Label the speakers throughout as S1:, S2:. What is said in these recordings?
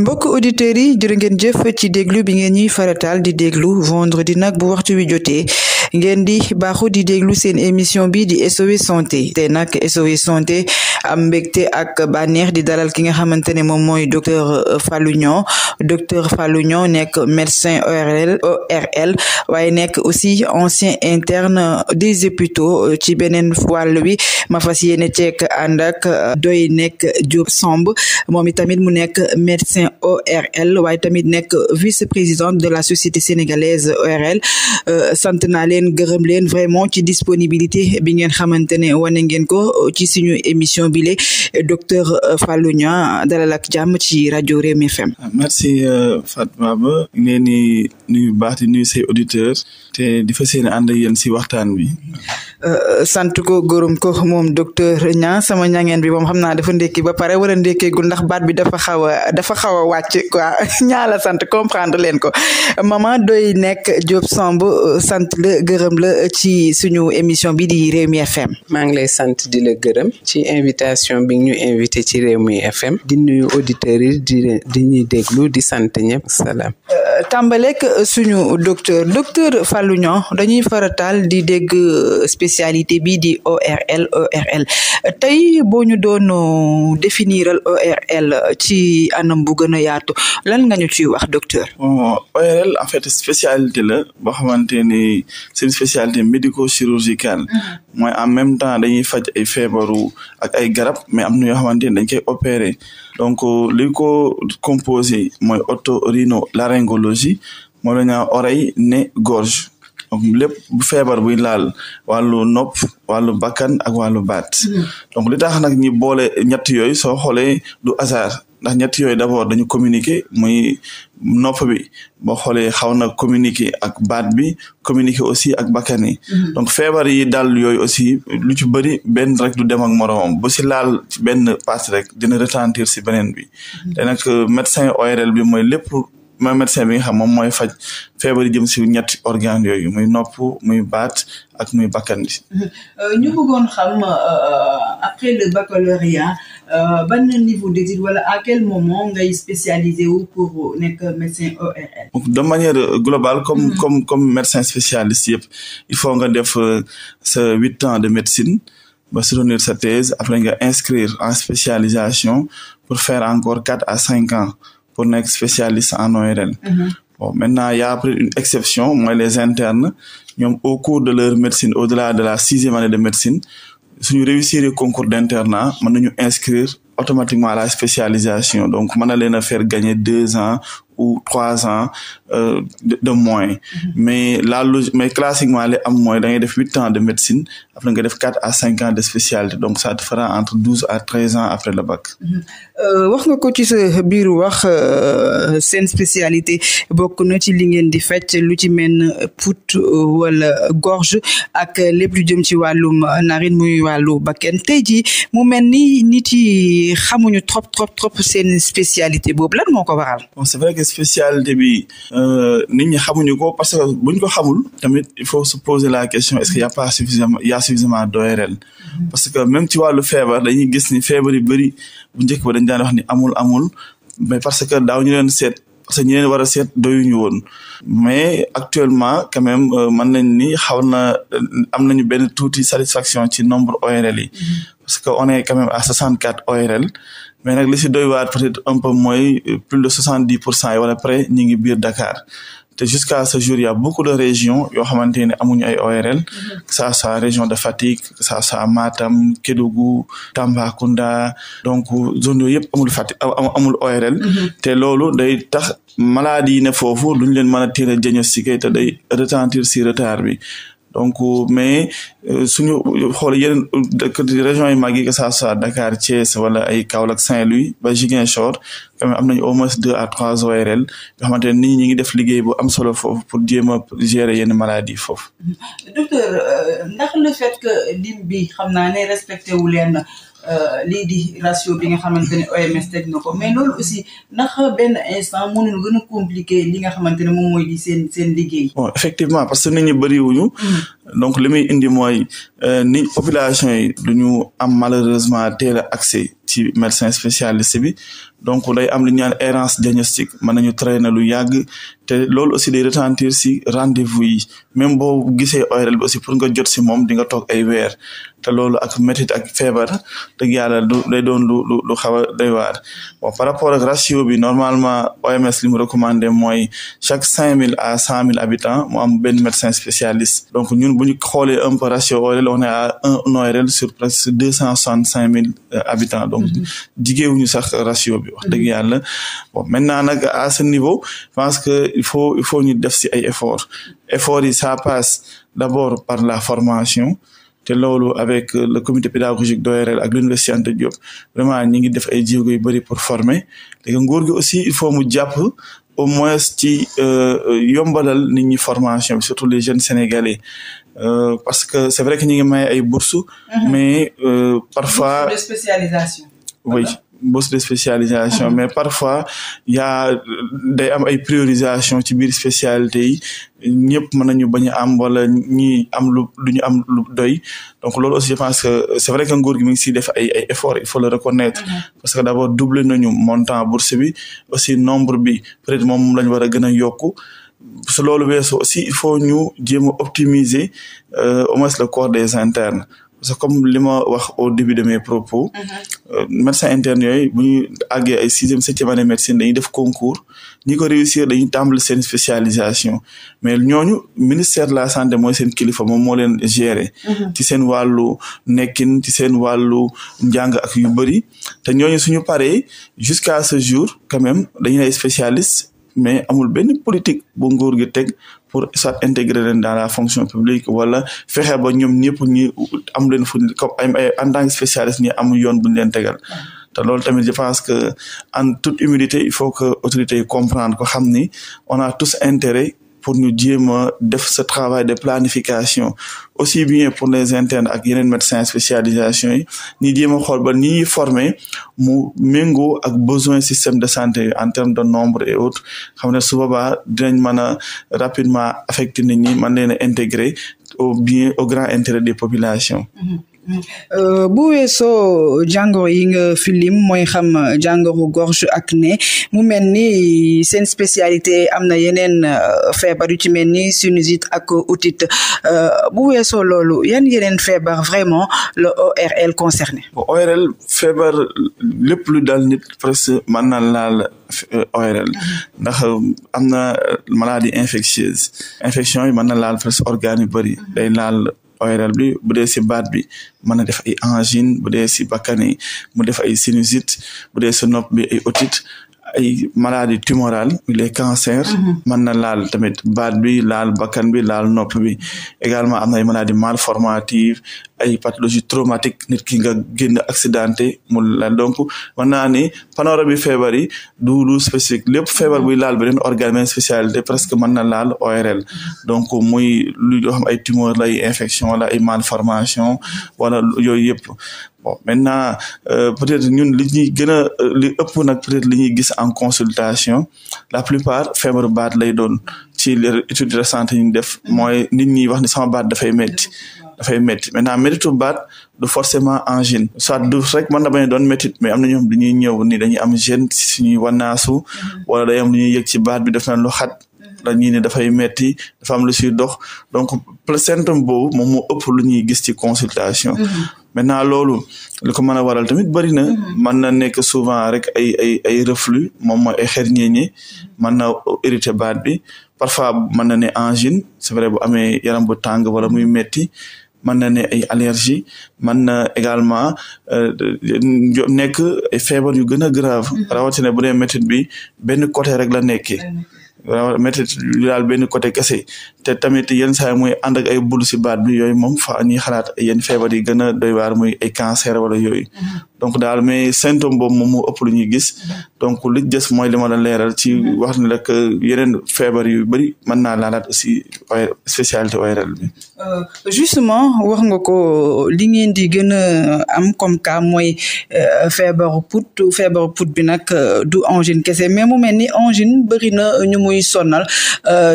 S1: mbokk auditeurs yi jërë ngeen jëf ci déglu bi ngeen ñuy faratal di déglu di nag bu waxtu wi jotee ngeen di baaxu di déglu seen émission bi di SOS santé te nag SOS santé am mbégte ak bànneex di dalal ki nga xamante ne moom mooy docteur Fallou Niang docteur Fallou Niang nekk médecin ORL ORL waaye nekk aussi ancien interne des hôpitaux ci beneen wàll wi ma fas yéene ceek ànd ak doy nekk Diop Samb moom itamit mu nekk médecin ORL waaye tamit nekk vice-président de la société sénégalaise ORL euh, sant leen gërëm leen vraiment ci disponibilité bi ngeen xamante ne wane ngeen ko ci suñu émission bi le docteur euh, Fallou Niang dalal ak jàmm ci rajo Rewmi
S2: FM. Ah, merci euh, Fatou Baba ñu leen di nuyu baax di nuyu say auditeur te di fas yéene ànd ak si waxtaan bi.
S1: Euh, sant ko gërëm ko moom docteur Niang sama ñangeen bi moom xam na dafa ndekki ba pare wala ndekkeegul ndax baat bi dafa xaw a dafa xaw a wàcc quoi ñaa sant comprendre leen ko maman doy nekk Diop Samb
S3: sant la. gërëm la ci suñu émission bi di Rewmi FM. maa ngi lay sant di la gërëm ci invitation bi ñu invité ci Rewmi FM di nuyu auditeurs yi di di ñuy déglu di sant ñëpp salaam. Euh, tàmbaleeg
S1: suñu docteur docteur Fallou Niang dañuy farataal di dégg spécialité bi di ORL ORL tey boo ñu doon définiral ORL ci anam bu gën
S2: a yaatu lan nga ñu wax docteur. ORL en fait spécialité la boo xamante ni seen spécialité médico-chirurgicale mm-hmm. mooy en même temps dañuy faj ay feebaru ak ay garab mais am na yoo xamante ne dañ koy opérer donc euh, li ko composé mooy otorhinolaryngologie moo la ñaa oreille nez gorge donc lépp feebar buy laal wàllu nopp wàllu bakkan ak wàllu baat mm-hmm. donc li tax nag ñi boole ñett yooyu soo xoolee du hasard ndax ñett yooyu d'abord dañu communiquer muy nopp bi boo xoolee xaw na communiquer ak baat bi communiquer aussi ak bakkan yi mhm. donc feebar yi daal yooyu aussi lu ci bëri benn rek du dem ak moroomam si laal ci benn pass rek dina retentir si beneen bi mhm. te nag euh, médecin ORL bi mooy lépp mooy médecin bi nga xam moom mooy faj feebar yi jëm si ñetti organes yooyu muy nopp muy baat ak muy bakkan bi
S1: mhm. euh, ñu bëggoon xam euh, après le baccalauréat Euh, ban niveau d'étude wala à quel moment ngay spécialisé wu nekk médecin ORL.
S2: de manière euh, globale comme mm-hmm. comme comme médecin spécialiste yëpp il faut nga def euh, sa huit ans de médecine. ba soutenir sa thèse après nga inscrire en spécialisation pour faire encore quatre à cinq ans pour nekk spécialiste en ORL. Mm-hmm. bon maintenant y a une exception mooy les internes ñoom au cours de leur médecine au-delà de la sixième année de médecine suñu réussir concours d'internat mën nañu inscrire automatiquement à la spécialisation donc mën na leen a faire gagner deux ans ou trois ans euh, de, de moins mm -hmm. mais la mais classiquement la am mooy da ngay def huit ans de médecine après nga def quatre à cinq ans de spécialité donc ça te fera entre douze à treize ans après le bac. Mhm.
S1: Euh, wax nga ko ci sa biir wax euh, seen spécialité bokk na ci li ngeen di fecc lu ci mel put euh, wala gorge ak lépp lu jëm ci wàllum narine muy wàllu bakken tey jii mu mel ni nit yi xamuñu trop trop trop seen spécialité boobu lan
S2: moo ko waral. bon c'est vrai que spécialité bi nit ñi xamuñu ko parce que buñ ko xamul tamit il faut se poser la question est-ce qu'il y pas suffisamment suffisamment doyareel parce que même ci wàllu feebar dañuy gis ni feebar yu bëri bu njëkk ba dañ daan wax ni amul amul mais parce que daaw ñu leen seet parce que ñu leen war a seet doyuñu woon mais actuellement quand même euh, mën ni xaw na euh, am nañu benn tuuti satisfaction ci nombre ORL yi parce que on est quand même à 64 mais nag li si doy waar peut-être un peu mooy euh, plus de 70 pour cent yi wala près ñu ngi biir Dakar te jusqu'à ce jour il y a beaucoup de régions yoo xamante ne amuñu ay ORL que mm-hmm. ça région de Fatick que ça soit Matam Kédougou Tambacounda donc zone yooyu yëpp amul Fatick amul ORL mm-hmm. te loolu day tax maladie yi ne foofu duñ leen mën a teel a diagnostiquer te day retentir si retard bi donc euh, mais euh, suñu xool yeneen dëkk région yi mag yi que ça soit Dakar Thiès wala ay Kaolack Saint-Louis ba Ziguinchor quand même am nañu au mois deux à trois ORL nga xamante ne nit ñi ngi def liggéey bu am solo foofu pour jéem a gérer yenn maladie foofu.
S1: docteur euh, ndax le fait que lim bi xam naa ne respecté wu leen Euh, lii di ratio bi nga xamante ne OMS teg na mais loolu aussi ndax benn instant mënul gën a compliqué li nga xamante ne moom mooy di liggéey.
S2: bon effectivement parce que nit ñi bëriwuñu. Mm. donc li muy indi mooy euh, ni population yi du ñu am malheureusement teel a accès ci médecin spécialiste bi donc day am lu ñu naan errance diagnostique mën nañu traîner lu yàgg te loolu aussi day retentir si rendez-vous yi même boo gisee ORL bi aussi pour nga jot si moom di nga toog ay weer. te loolu ak métit ak feebar dëgg yàlla du day doon lu lu lu xaw a doy waar par rapport ak ratio bi normalement OMS li mu recommandé mooy chaque cinq mille à cent mille habitants mu am benn médecin spécialiste donc ñun bu ñu xoolee un peu ratio ORL un ORL sur deux cent soixante cinq mille euh, habitants donc mm-hmm. jigéewuñu sax ratio bi wax dëgg yàlla bon maintenant nag à ce niveau je que il faut il faut ñu def si ay effort effort yi ça passe d'abord par la formation te loolu avec euh, le comité pédagogique d'ORL ak l'université Anta Diop vraiment ñi ngi def ay jéego yu bëri pour former léegi nguur gi aussi il faut mu jàpp au moins ci euh, euh, yombalal nit ñi formation surtout les jeunes sénégalais euh, parce que c'est vrai que ñu ngi may ay bourses mhm. mais euh, parfois bourses
S1: spécialisation
S2: bourse de spécialisation mais parfois yaa day am ay priorisation ci biir spécialité yi ñëpp mën nañu bañ a am wala ñi am lu lu ñu am lu doy donc loolu aussi je que c'est vrai que nguur gi mi ngi siy def ay ay efforts il faut le reconnaître mm-hmm. parce que d'abord doublé nañu montant bourse bi aussi nombre bi peut-être moom lañu war a gën a yokku su loolu weesoo aussi il faut ñu jéem a optimiser euh, au moins le corps des internes c'est comme li ma wax au début de mes propos. Mhm. Euh, médecin interne yooyu bu ñu àggee ay sixième septième année médecine dañuy def concours ñi ko réussir dañu tàmbali seen spécialisation mais ñooñu ministère de la santé mooy seen kilifa moom moo leen gérer. Mhm. ci seen wàllu nekkin ci seen wàllu njàng ak yu bëri te ñooñu suñu paree jusqu'à ce jour quand même dañuy ay mais amul benn politique bu nguur gi teg pour soit intégrer leen dans fonction publique wala fexe ba ñoom ñëpp ñu am leen fu comme ay en tant spécialiste ñu am yoon bu ñu leen tegal te loolu tamit je pense que en toute humilité il faut que autorités yi comprendre ko xam ni on a tous intérêt pour ñu jéem def ce travail de planification aussi bien pour les internes ak yeneen médecins spécialisation yi ñu jéem a xool ba ni former mu méngoo ak besoin système de santé en termes de nombre et autres xam ne su boobaa dinañ mën a rapidement affecte nit ñi mën leen a intégrer au bien au grand intérêt des populations. Mm-hmm.
S1: Euh, bu weesoo jàngoro yi nga filim mooy xam jàngoro gorge ak ne mu mel ni seen spécialité am na yeneen euh, feebar yu ci mel ni sinusite ak otite euh, bu weesoo loolu yan yeneen feebar vraiment le ORL concerné.
S2: ORL feebar lépp lu dal nit presque mën na laal ORL mhm. ndax am maladie infectieuse infection yi mën na laal presque yu bëri mhm. day laal. oral bi bu dee si baat bi mën a def ay angine bu dee si bakkan yi mu def ay sinusite bu dee si nopp bi ay otite ay maladie tumorale les cancers mhm. mën na laal tamit baat bi laal bakkan bi laal nopp bi également am na ay maladie malformative ay pathologie traumatique nit ki nga génn accidenté mu la donc mën naa ni panorama bi feebar yi du lu spécifique lépp feebar buy laal beneen organe spécialité presque mën na laal ORL donc muy lu yoo xam ay tumeur la ay infection wala ay malformation wala yooyu yëpp bon maintenant euh, peut-être ñun li ñuy gën a euh, li ëpp nag peut li ñuy gis en consultation la plupart feebaru baat lay doon ci étude récente yi ñu def mooy nit ñi wax ni sama baat dafay metti dafay métti maintenant méttitu baat du forcément angine soit du rek mën na bañ a doon méttit mais am na ñoom dañuy ñëw ni dañuy am gêne suñuy wanaasu mhm. wala day am lu baat bi def na la ñii ne dafay metti dafa am lu siy dox donc symptôme boobu moom moo ëpp lu ñuy gis ci consultation mhm. maintenant loolu li ko mën a waral tamit bëri na mhm. mën na nekk souvent rek ay ay moom mooy ay xerñee ñi mën na irrité baat bi parfois mën na ne angine c'est vrai bu amee yaram bu tàng wala muy metti mën na ne ay allergie mën na également euh, nekk ay feebar yu gën a grave mm-hmm. rawatina bu dee métit bi benn côté rek la nekkee métit daal benn côté kese te tamit yen saa muy ànd ak ay bul si baat bi yooyu moom fa ñuy xalaat yenn feebar yi gën a doy waar muy ay wala yooyu mm-hmm. donc daal mais symptôme boobu moom o ëpp lu ñuy gis mm-hmm. donc li des mooy li ma la leeral ci mm-hmm. wax ni rek yeneen feebar yu bëri mën naa laalaat aussi spécialité ORL bi
S1: euh, justement wax nga ko li ngeen di gën a am comme cas mooy euh, feebaru put feebaru put bi nag euh, du angine kese mais mu mel ni angine bëri na ñu muy sonal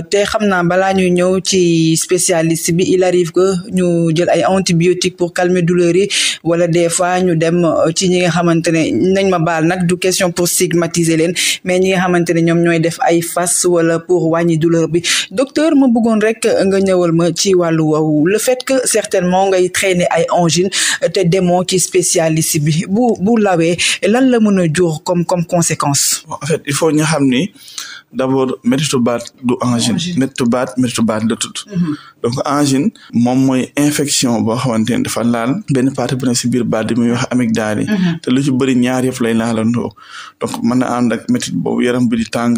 S1: te xam naa balaa ñuy ñëw ci spécialiste bi il arrive que ñu jël ay antibiotiques pour calmer douleur yi wala des fois ñu dem euh, ci ñi nga xamante ne nañ ma baal nag du question pour stigmatiser leen mais ñi nga xamante ne ñoom ñooy def ay fas wala pour wàññi douleur bi docteur ma bëggoon rek nga ñëwal ma ci wàllu woowu le fait que certainement ngay traîner ay angine te demoo ci spécialiste bi bu bu lawee lan la mën a jur comme conséquence
S2: il faut ñu xam ni d' abord métitu baat du angine métitu baat métitu baat la mhm. donc angine moom mooy infection boo xamante ne dafa laal benn partie bu ne si biir baat bi muy wax amygdale yi mhm. te lu ci bëri ñaar yëpp lay laalandoo donc mën na ànd ak yaram bi di tàng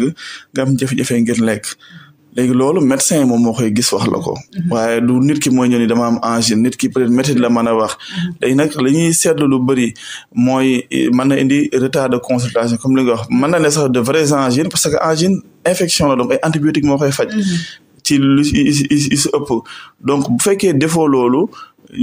S2: nga am jafe ngir lekk léegi loolu médecin moom moo koy gis wax la ko mhm. waaye du nit ki mooy ñëw dama am angine nit ki peut-être métit la mën a wax mhm. léegi nag li ñuy seetlu lu bëri mooy mën na indi retard de consultation comme li nga wax mën na ne sax de vraies angines parce que angine infection la donc ay antibiotique moo koy faj mhm. ci lu si ëpp donc bu fekkee défaut loolu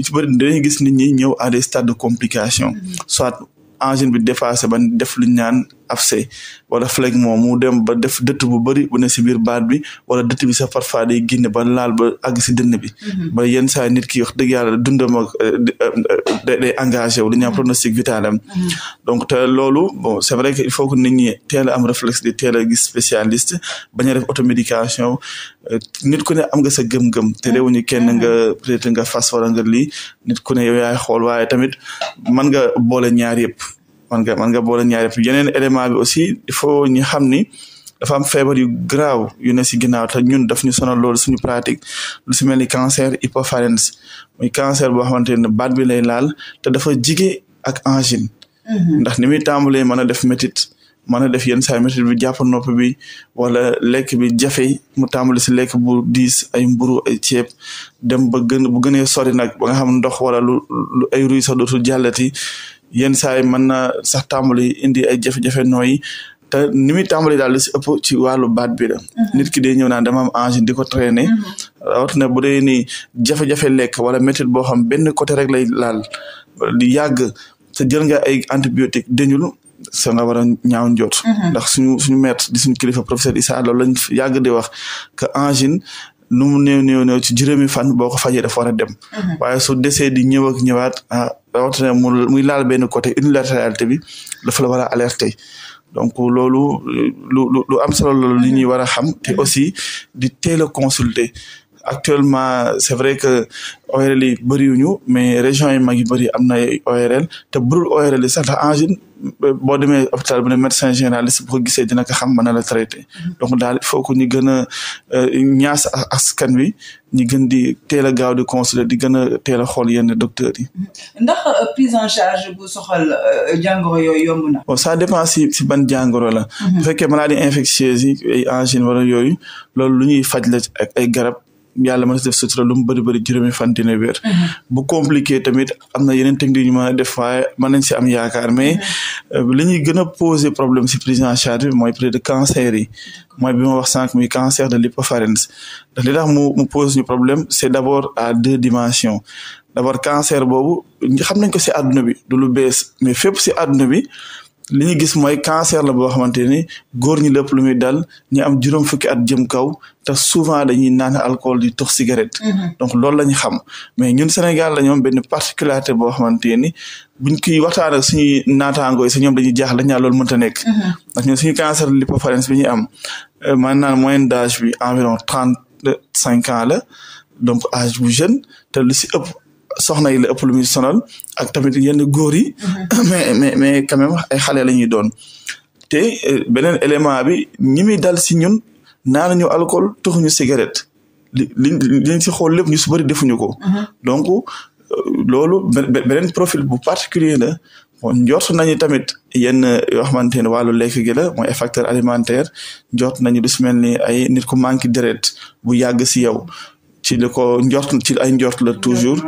S2: ci bëri dañuy gis nit ñi ñëw à de complication soit angine bi dépassé ban def lu ñaan af sey wala flèche mu dem ba def dëtt bu bëri bu ne si biir baat bi wala dëtt bi sa parfois day génne ba laal ba àgg si dënn bi mhm. ba yenn saa nit ki wax dëgg yàlla dundam ak euh, euh, day engagé wu dañaa mhm. pronostic vital am mhm. donc te loolu bon c'est vrai que il faut que nit ñi teel a am réflexe di teel a gis spécialiste bañ automédication euh, nit ku ne am nga sa gëm-gëm te réewuñu kenn nga peut nga fas wala nga li nit ku ne yaay xool waaye tamit man nga boole ñaar yëp man nga man nga boole ñaari yeneen élément bi aussi il faut ñu xam ni dafa am feebar yu graaw yu ne si ginnaaw te ñun daf ñu sonal lool suñu pratique lu si mel ni cancer hypopharynx muy cancer boo xamante ne baat bi lay laal te dafa jige ak engine mhm. ndax ni muy tàmbalee mën a def métit mën a def yenn saa métit bi jàpp nopp bi wala lekk bi jafe mu tàmbali si lekk bu diis ay mburu ay ceeb dem ba gën bu gënee sori nag ba nga xam ndox wala lu ay ruy sax dootul jàllati. yenn saa yi mën na sax tàmbali indi ay jafe-jafe nooyi te ni muy tàmbali daal si ëpp ci wàllu baat bi la mhm. nit ki day ñëw naan dama am angine di ko traîner mhm. rawatina bu dee ni jafe-jafe lekk wala méthode boo xam benn côté rek lay laal di yàgg te jël nga ay antibiotique dañul sa nga war a ñaaw njoot mhm. ndax suñu suñu maître di suñu kilifa professeur Issa loolu lañ yàgg di wax que angine nu mu néew néew néew ci juróomi fan boo ko fajee dafa war a dem mhm. waaye su desee di ñëw ak ñëwaat ah rawatina mu muy laal benn côté unilatéralité bi dafa la war a alerter donc loolu lu lu am solo li ñuy mhm. war a xam te mhm. aussi di teel a consulter actuellement c'est vrai que ORL yi wuñu mais région yi mag yi bëri am na ORL te burul ORL yi sax ndax angine boo demee hôpital bu ne médecin généraliste bo ko gisee dina xam mën a la traité mhm. donc daal il faut que ñu gën a euh, ñaas askan wi ñu gën di teel gaaw di consulter di gën a teel a xool yenn docteurs yi. Mhm.
S1: ndax euh, prise en charge bu
S2: soxal euh, jàngoro yooyu yomb na. bon ça dépend si ban jàngoro la. bu mhm. fekkee maladie infectieuse yi ay angine wala yooyu loolu lu ñuy faj la ak ay garab. yàlla mën si def sutura lu mu bëri bëri juróomi fan dina wér mhm. bu compliqué tamit am na yeneen technique yu mën def waaye mën nañ am yaakaar mais mhm. euh, li ñuy gën a poser problème si prise en charge bi mooy peut cancer yi mooy bi wax sànq muy cancer de l'hypopharynx ndax li tax mu mu pose ñu problème c'est d'abord à deux dimensions d'abord cancer boobu xam nañ ko si àdduna bi du lu bees mais fépp si àdduna bi li ñu gis mooy cancer la boo xamante ni góor ñi lépp lu muy dal ñu am juróom fukki at jëm kaw te souvent dañuy naan alcool di tox cigarette. Mhm. donc loolu la ñu xam mais ñun Sénégal la ñoom benn particularité boo xamante ni buñ koy waxtaan ak suñuy naataangoo si ñoom dañuy jaaxle dañ naan loolu mënta nekk. Mhm. ndax ñun suñu cancer lipopharynx bi ñu am euh, maanaam moyenne d'âge bi environ trente cinq ans la donc âge bu jeune te lu si ëpp. soxna yi la ëpp lu muy sonal ak tamit yenn góor yi. Mhm. mais mais mais quand même ay xale la ñuy doon. te euh, beneen élément bi ñi muy dal si ñun naan ñu alcool tuxuñu cigarette li liñ si xool lépp ñu su bëri defuñu ko. Mhm. donc euh, loolu beneen profil bu particulier la. bon njort nañu tamit yenn yoo xamante ne wàllu lekk gi la mooy ay facteur alimentaire njort nañu lu si mel ni ay nit ku manqué deret bu yàgg si yow ci li ko ci ay njort la toujours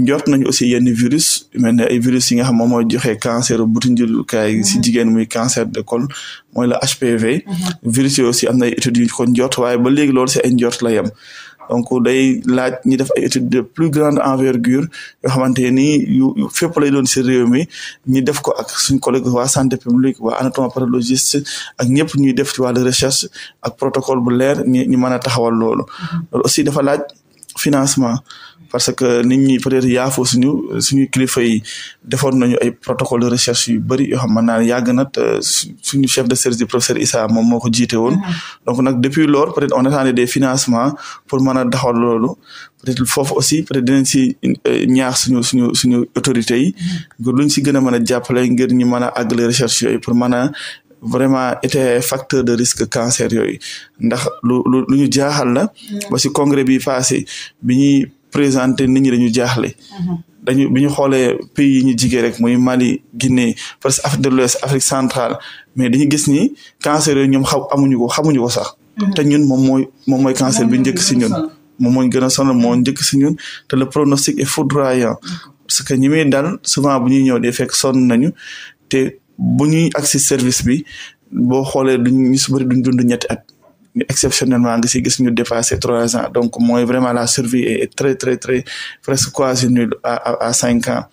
S2: njort nañu aussi yenn virus mel ne ay virus yi nga xam moom mooy joxe cancer butu njëlukaay si mhm. jigéen muy cancer de col mooy la HPV. Mhm. virus yooyu aussi am na ay études yu waaye ba léegi loolu se ay njort la yem. donc day laaj ñi def ay études de plus grande envergure yoo xamante ni yu fépp lay doon si réew mi ñi def ko ak suñ collègue waa santé publique waa anatomopathologistes ak ñëpp ñuy def ci wàllu recherche ak protocole bu leer ñi ñu mën a taxawal lool mhm. aussi dafa laaj financement parce que nit ñi peut-être yaafoo suñu suñu kilifa yi defoon nañu ay protocole de recherche yu bëri yoo xam man naa yàgg nag suñu chef de service du professeur Issa moom moo ko jiite woon uh-huh. donc nag depuis lors peut-être on attendait des financements pour mën a daxal loolu peut aussi peut-être si euh, ñaax suñu suñu suñu yi uh-huh. ngir luñ si gën a mën a jàppale ngir ñu mën a àggale recherche yooyu pour mën vraiment était facteur de risque cancer yooyu ndax lu lu lu ñu jaaxal la mm-hmm. ba si congrès bi passé bi ñuy présenté nit ñi dañu jaaxle mm-hmm. dañu bi ñu xoolee pays yi ñu jigee rek mooy Mali Guinée parce que Afrique de l'Ouest Afrique centrale mais dañu gis ni cancer yooyu ñoom xam amuñu ko xamuñu ko sax mm-hmm. te ñun moom mooy moom mooy cancer bi njëkk si ñun moom mooñ gën a sonal moo njëkk si ñun te le pronostic est foudroyant parce que ñi muy dal souvent bu ñuy ñëw fekk sonn nañu bu ñuy agsi service bi boo xoolee duñ ñu su bëri duñ dund ñetti at exceptionnellement nga si gis ñu dépassé trois ans donc mooy vraiment la survie est très très très presque quasi nulle à à cinq ans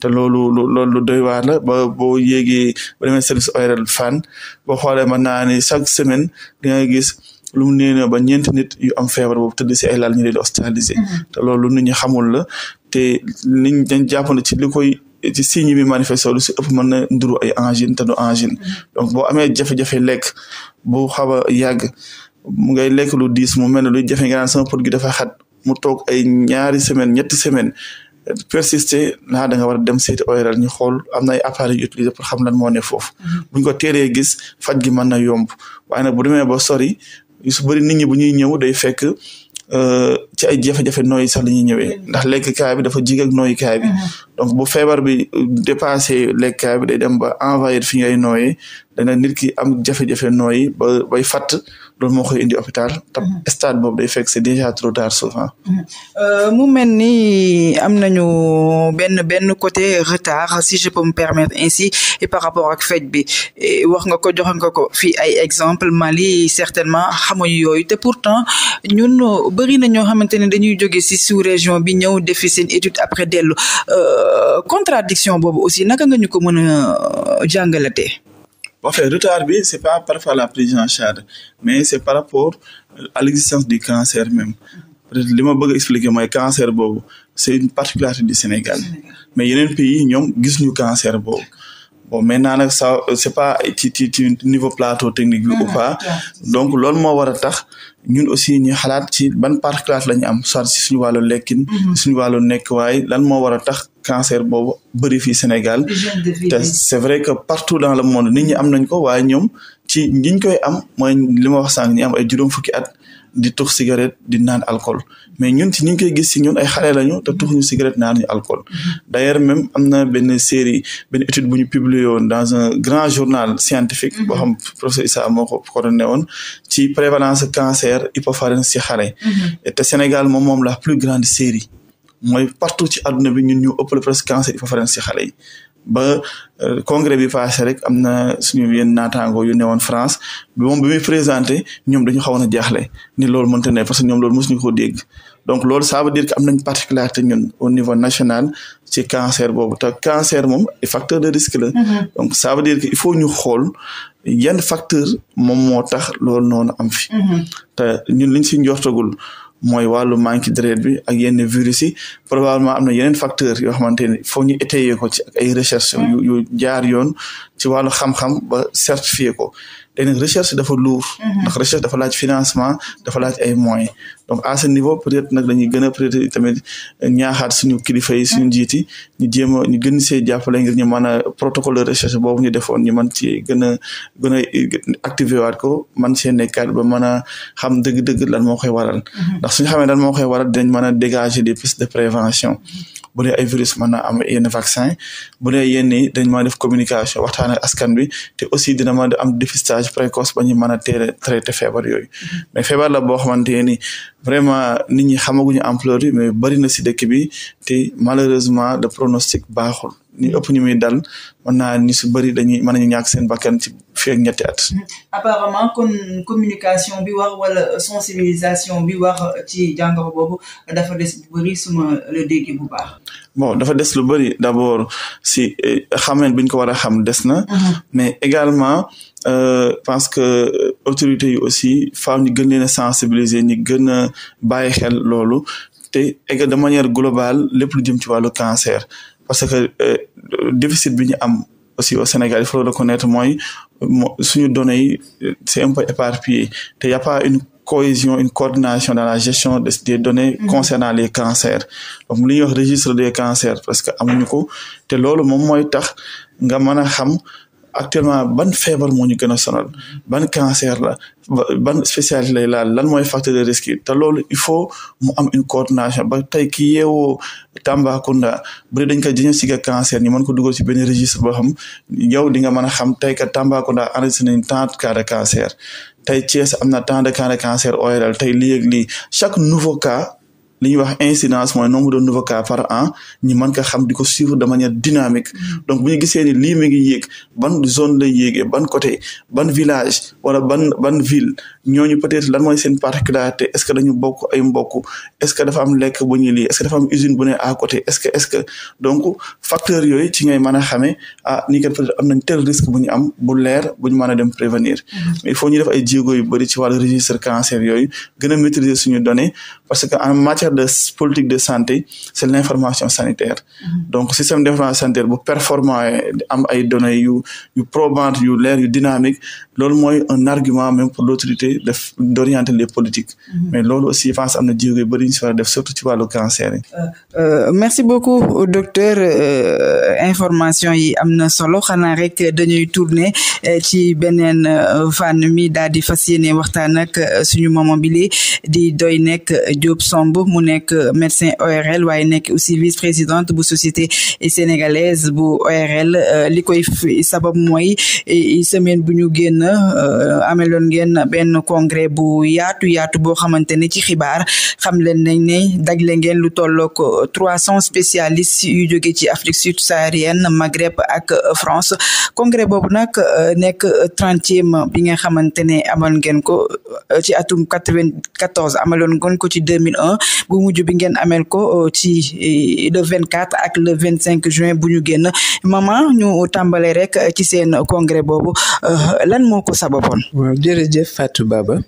S2: te loolu loolu doy waar la ba boo yéegee ba demee service ORL Fann boo xoolee mën naa ni chaque semaine di nga gis lu mu nee na ba ñeenti nit yu am feebar boobu tëdd si mm-hmm. te loolu nit ñi la te niñ dañ ci li koy ci signe bi manifesté lu si ëpp mën na nduru ay angine te du angine boo amee jafe-jafe lekk bu xaw a yàgg mu ngay lekk lu diis mu mel ne luy jafe nga naan sama pot gi dafa xat mu toog ay ñaari semaine ñetti semaine persister naa da nga war a dem seeti ORL ñu xool am na ay appareils yu pour xam lan moo ne foofu. Mm-hmm. buñ ko teelee gis faj gi mën na yomb waaye nag bu demee ba sori su bëri nit ñi bu ñuy fekk. ci ay jafe-jafe nooyi sax la ñuy ñëwee ndax lekkukaay bi dafa jig ak nooyukaay bi mm-hmm. donc bu feebar bi dépassé lekkukaay bi day dem ba envahir fi ngay nooyee dana nit ki am jafe-jafe nooyi ba bay loolu moo koy indi hôpital mhm. stade boobu day fekk c'est déjà trop tard souvent. Mhm.
S1: Euh, mu mel ni am nañu benn benn côté retard si je peux me permettre ainsi par rapport ak faj bi wax nga ko joxe nga ko fii ay exemple Mali certainement xamuñu yooyu te pourtant ñun bëri na ñoo xamante ne dañuy jóge si sous région bi ñëw defi seen étude après dellu euh, contradiction boobu aussi naka nga ñu
S2: ko mën a jàngalatee. en fait bi c'est pas parfois la prise en charge mais c'est par rapport à l'existence du cancer même li ma bëgg a expliquer mooy cancer boobu c'est une particularité du Sénégal mais yeneen pays ñoom gis ñu cancer boobu bon maintenant nag ça c'est pas ci ci ci niveau plateau technique bi ou ah, pas donc loolu moo war a tax ñun ñu xalaat ci ban particularité la ñu am soit si suñu wàllu lekkin mhm. suñu wàllu nekk waaye lan moo war a tax cancer boobu bëri fii Sénégal te c'est vrai que partout dans le monde nit ñi am nañ ko waaye ñoom ci koy am mooy li ma wax sànq ñi am ay juróom fukki at di tux cigarette di naan alcool mais ñun ci ñu ngi koy gis si ñun ay xale lañu te tux ñu cigarette naan ñu alcool mm-hmm. d'ailleurs même am na benn série benn étude bu ñu publié woon dans un grand journal scientifique boo xam mm-hmm. professeur Issa moo ko coordonné woon ci prévalence cancer hypopharynx ci xale mm-hmm. te Sénégal moom moom la plus grande série mooy partout ci àdduna bi ñu ñu ëppale presque cancer hypopharynx ci xale yi ba euh, congrès bi passé rek am na suñu yenn naataango yu newoon France bi moom bi muy présenté ñoom dañu xawoon a jaaxle ni loolu mënta ne parce que ñoom loolu mosuñu ko dégg donc loolu ça veut dire que am nañ particularité ñun au niveau national ci cancer boobu te cancer moom facteur de risque la mm-hmm. donc ça veut dire que il faut ñu xool yan facteur moom moo tax loolu noonu am fi mm-hmm. te ñun liñ si njortagul mooy wàllu manque deret bi ak yenn virus yi probablement am na yeneen facteur yoo xamante ni foo ñu étayer ko ci ak ay recherche yu yu jaar yoon ci wàllu xam-xam ba certifié ko léegi recherche dafa lourd mhm. ndax recherche dafa laaj financement dafa laaj ay moyens donc à ce niveau peut être nag dañuy gën a peut tamit ñaaxaat suñu kilifa yi suñu njiit yi ñu jéem a ñu gën see jàppale ngir ñu mën a protocole de recherche boobu ñu defoon ñu mën ci gën a gën a activé waat ko man see nekkaat ba mën a xam dëgg-dëgg lan moo koy waral mm-hmm. ndax suñu xamee lan moo koy waral dinañ mën a dégager des pistes de prévention mm-hmm. bu dee ay virus mën na am yenn vaccin bu dee yenn yi dañ mën def communication waxtaan askan wi te aussi dina mën am dépistage précoce ba ñu mën a teel a feebar yooyu mm-hmm. vraiment ni ñi xamaguñu ampleur mais bari na si dëkk bi te malheureusement le pronostic baaxul ni ëpp ñu muy dal mën naa ni su bëri dañuy mën nañu ñàkk seen bakkan ci fii ak ñetti at. Mm-hmm.
S1: apparemment kon communication bi war wala sensibilisation bi war ci jàngoro boobu dafa des bu bëri suma lu
S2: bëri d' abord si eh, xameen biñ ko war a xam des na. Mm-hmm. mais également. Euh, parce que euh, autorités yi aussi faaw ñu gën leen na sensibiliser ñu gën a bàyyi xel loolu te ega de manière globale lépp lu jëm ci wàllu cancer parce que euh, déficit bi ñu am aussi au Sénégal il faut le reconnaître mooy suñu données yi c'est un peu éparpillé te y a une cohésion une coordination dans la gestion des, des données mm-hmm. concernant les cancers donc li ñuy wax registre des cancers parce que amuñu ko te loolu moom mooy tax nga mën a xam actuellement ban feebar moo ñu gën a sonal ban cancer la ban spécialité lay laal lan mooy facteur de risque yi te loolu il faut mu am une coordination ba tey ki yeewoo Tambacounda bu dee dañ ko diagnostiqué cancer ñu mën ko dugal si benn registre boo xam yow di nga mën a xam tey que Tambacounda enregistré nañ tant de cas de cancer tey Thiès am na tant de cas de cancer tey lii ak lii chaque nouveau cas. li ñuy wax incidence mooy nombre de nouveaux cas par an ñu mën ko xam di ko suivre de manière dynamique mm. donc bu ñu gisee ni lii ban zone lay yéegee ban côté ban village wala ban ville ñooñu peut-être mooy seen particularité est-ce que dañu bokk ay mbokk est dafa am lekk bu ñuy lii dafa am usine bu ne côté est donc facteurs yooyu ci ngay mën a xamee ah nii kat am tel risque bu am bu leer bu ñu mën dem prévenir mm. mais il faut ñu def ay jéego yu bëri ci wàllu registre cancer yooyu gën de politique de santé c'est l'information sanitaire mm-hmm. donc système d'information sanitaire bu performant am ay données yu yu probantes yu leer yu dynamique loolu mooy un argument même pour l'autorité de d'orienter mm-hmm. mais loolu aussi a def yi euh, euh, merci beaucoup docteur
S1: euh, information yi am na solo xanaa rek dañuy tourner ci beneen fànn mi daal di fas yéene waxtaan ak suñu maman bi di doy nekk Diop Samb nekk médecin ORL waaye nekk aussi vice présidente bu société sénégalaise bu ORL euh, li koy sabab mooy e, semaine bu ñu génn euh, ameloon ngeen benn congrès bu yaatu yaatu boo xamante ne ci xibaar xam leen nañ ne dagle ngeen lu tollook euh, trois cents spécialistes yu jóge ci Afrique subsaharienne Maghreb ak France congrès boobu nag nekk trentième bi nga xamante ne amal ngeen ko ci atum quatre-vingt-quatorze amaloon ko ci deux mille un bu mujj bi ngeen amel ko euh, ci euh, le vingt quatre ak le cinq juin bu ñu génn maman ñu tàmbale rek euh, ci seen congrès boobu
S3: lan moo ko sababoon. waaw jërëjëf Fatou Baba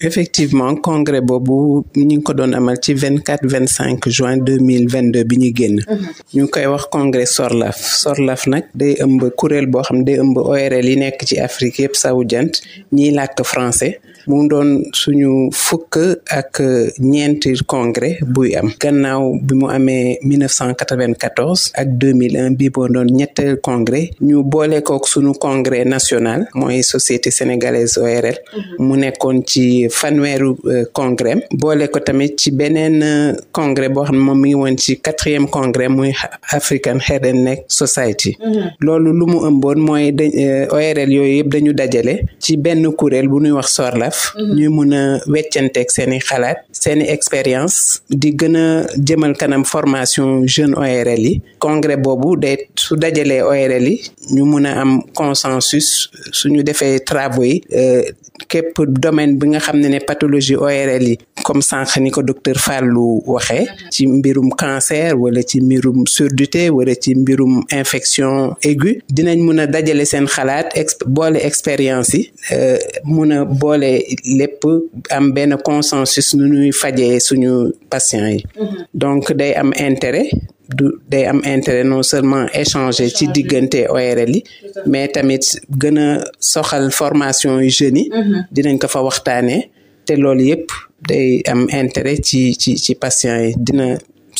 S3: effectivement congrès boobu ñu ngi ko doon amal ci vingt quatre vingt cinq juin deux mille vingt deux bi ñu génn. Mhm. ñu ngi koy wax congrès Sorlaf Sorlaf nag day ëmb kuréel boo xam day ëmb ORL yi nekk ci Afrique yëpp sawu jant ñiy làkk français mu doon suñu fuk ak ñeenti congrès. progrès buy am gannaaw bi mu amee 1994 ak 2001 bii boo doon ñetteel congrès ñu boole kook sunu congrès national mooy société sénégalaise ORL mhm. mu nekkoon ci fanweeru euh, congrès boole ko tamit ci beneen euh, congrès boo xam moom mi ngi woon ci quatrième congrès muy African Head and Neck Society mhm. loolu lu mu ëmboon mooy euh, ORL yooyu yëpp dañu dajale ci benn kuréel bu ñuy wax SORLAF mhm. ñuy mun a weccanteeg seen i xalaat seen i expérience di gën a jëmal kanam formation jeune ORL yi congrès boobu day su dajalee ORL yi ñu mun a am consensus suñu defee travaux yi euh, képp domaine bi nga xam ne ne pathologie ORL yi comme sànq ni ko docteur Fallou waxee ci mbirum cancer wala ci mbirum surdité wala ci mbirum infection aiguë dinañ mun a dajale seen xalaat ex boole expérience yi euh, mun a boole lépp am benn consensus nu ñuy fajee suñu patients yi. Mhm. donc day am intérêt du day am intérêt non seulement échanger ci diggante ORL mais tamit gën a soxal formation yu jeunes yi. Mhm. dinañ ko fa waxtaanee te loolu yëpp day am intérêt ci ci ci yi dina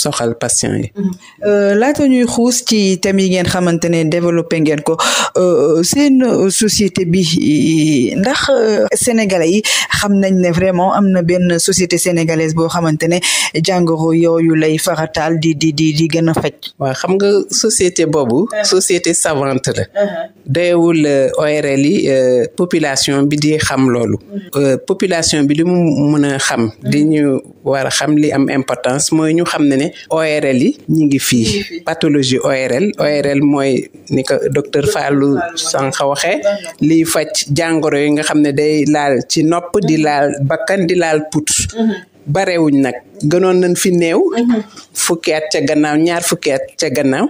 S3: soxal patient yi.
S1: Mhm. Euh, laata ñuy xuus ci thème yi ngeen xamante ne développé ngeen ko euh, seen société bi ndax euh, sénégalais yi xam nañ ne vraiment am na benn société sénégalaise boo xamante ne jàngoro yooyu lay
S3: farataal di di di di gën a faj. waa xam nga société boobu. Uh-huh. société savante la. Uh-huh. doyewul ORL yi population bi di xam loolu. Uh-huh. population bi li mu a xam. di ñu war xam li am importance mooy ñu xam ne ne ORL yi ñu ngi fii pathologie ORL ORL mooy ni ko docteur Fallou sànq liy faj jàngoro yi nga xam ne day laal ci nopp di mhm. laal bakkan di laal put mhm. barewuñ nag gënoon nañ fi néew mhm. fukki at ca gannaaw ñaar fukki at ca gannaaw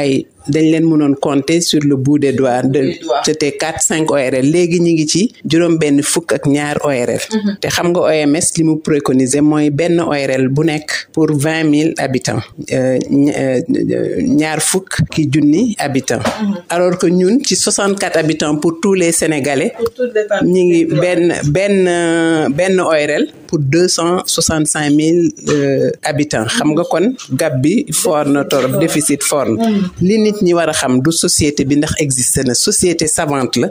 S3: ay dañ leen mënoon compter sur le bout des doigts de c'était quatre cinq ORL léegi ñi ngi ci juróom benn fukk ak ñaar ORL mhm. te xam nga OMS li mu préconiser mooy benn ORL bu nekk pour vingt mille habitants euh, euh, ñaar fukk ki junni habitants mhm. alors que ñun ci soixante quatre habitants pour tous les Sénégalais ñi ngi benn benn benn ORL pour deux cent soixante cinq mille euh, habitants xam nga kon gab bi fort na torop déficit fort nit ñi war a xam du société bi ndax existé na société savante la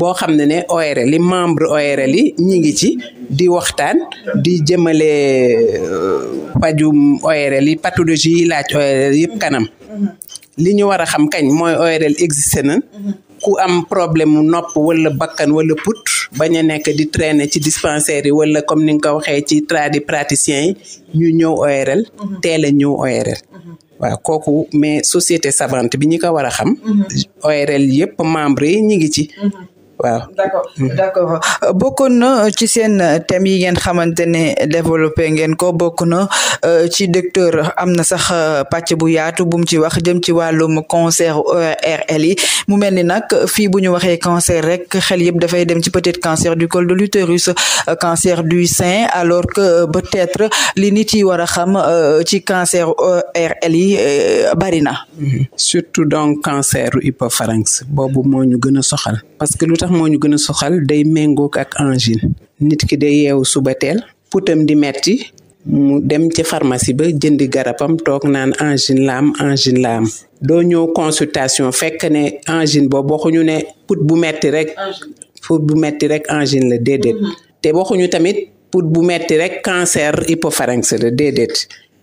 S3: boo xam ne ne ORL yi membre ORL yi ñi ngi ci di waxtaan di jëmale euh, pajum ORL yi pathologie yi laaj ORL yëpp kanam li ñu war a xam kañ mooy ORL existé na ku am problème mu nopp wala bakkan wala put bañ a nekk di trainer ci dispensaire yi wala comme ni nga ko waxee ci tradipraticiens yi ñu ñëw ORL teel ñëw ORL waaw kooku mais société savante bi ñi ko war a xam. Mhm. ORL membre yi ñu ci. Mhm. waaw mm-hmm. d'accord bokkoon na ci
S1: seen thème yi ngeen xamante ne développé ngeen ko bokk na euh, ci docteur am na sax euh, pàcc bu yaatu bum mu ci wax jëm ci wàllum cancer ORL yi mu mel ni nag fii bu ñu waxee cancer rek xel yëpp dafay dem ci peut-être cancer du col de l'utérus euh, cancer du sein alors que peut-être ci nit war a xam ci cancer
S3: ORL yi bari na mm-hmm. surtout donc cancer u hypopharynx boobu moo ñu gën a soxal parce que lu tax moo ñu gën a soxal day méngoog ak angine nit ki day yeewu suba teel putam di metti mu dem ci pharmacie ba jëndi garabam toog naan angine la am angine la am doo ñëw consultation fekk ne angine boobu waxuñu ne put bu metti rek put bu metti rek engine la déedéet mm-hmm. te waxuñu tamit put bu metti rek cancer hypopharynx la déedéet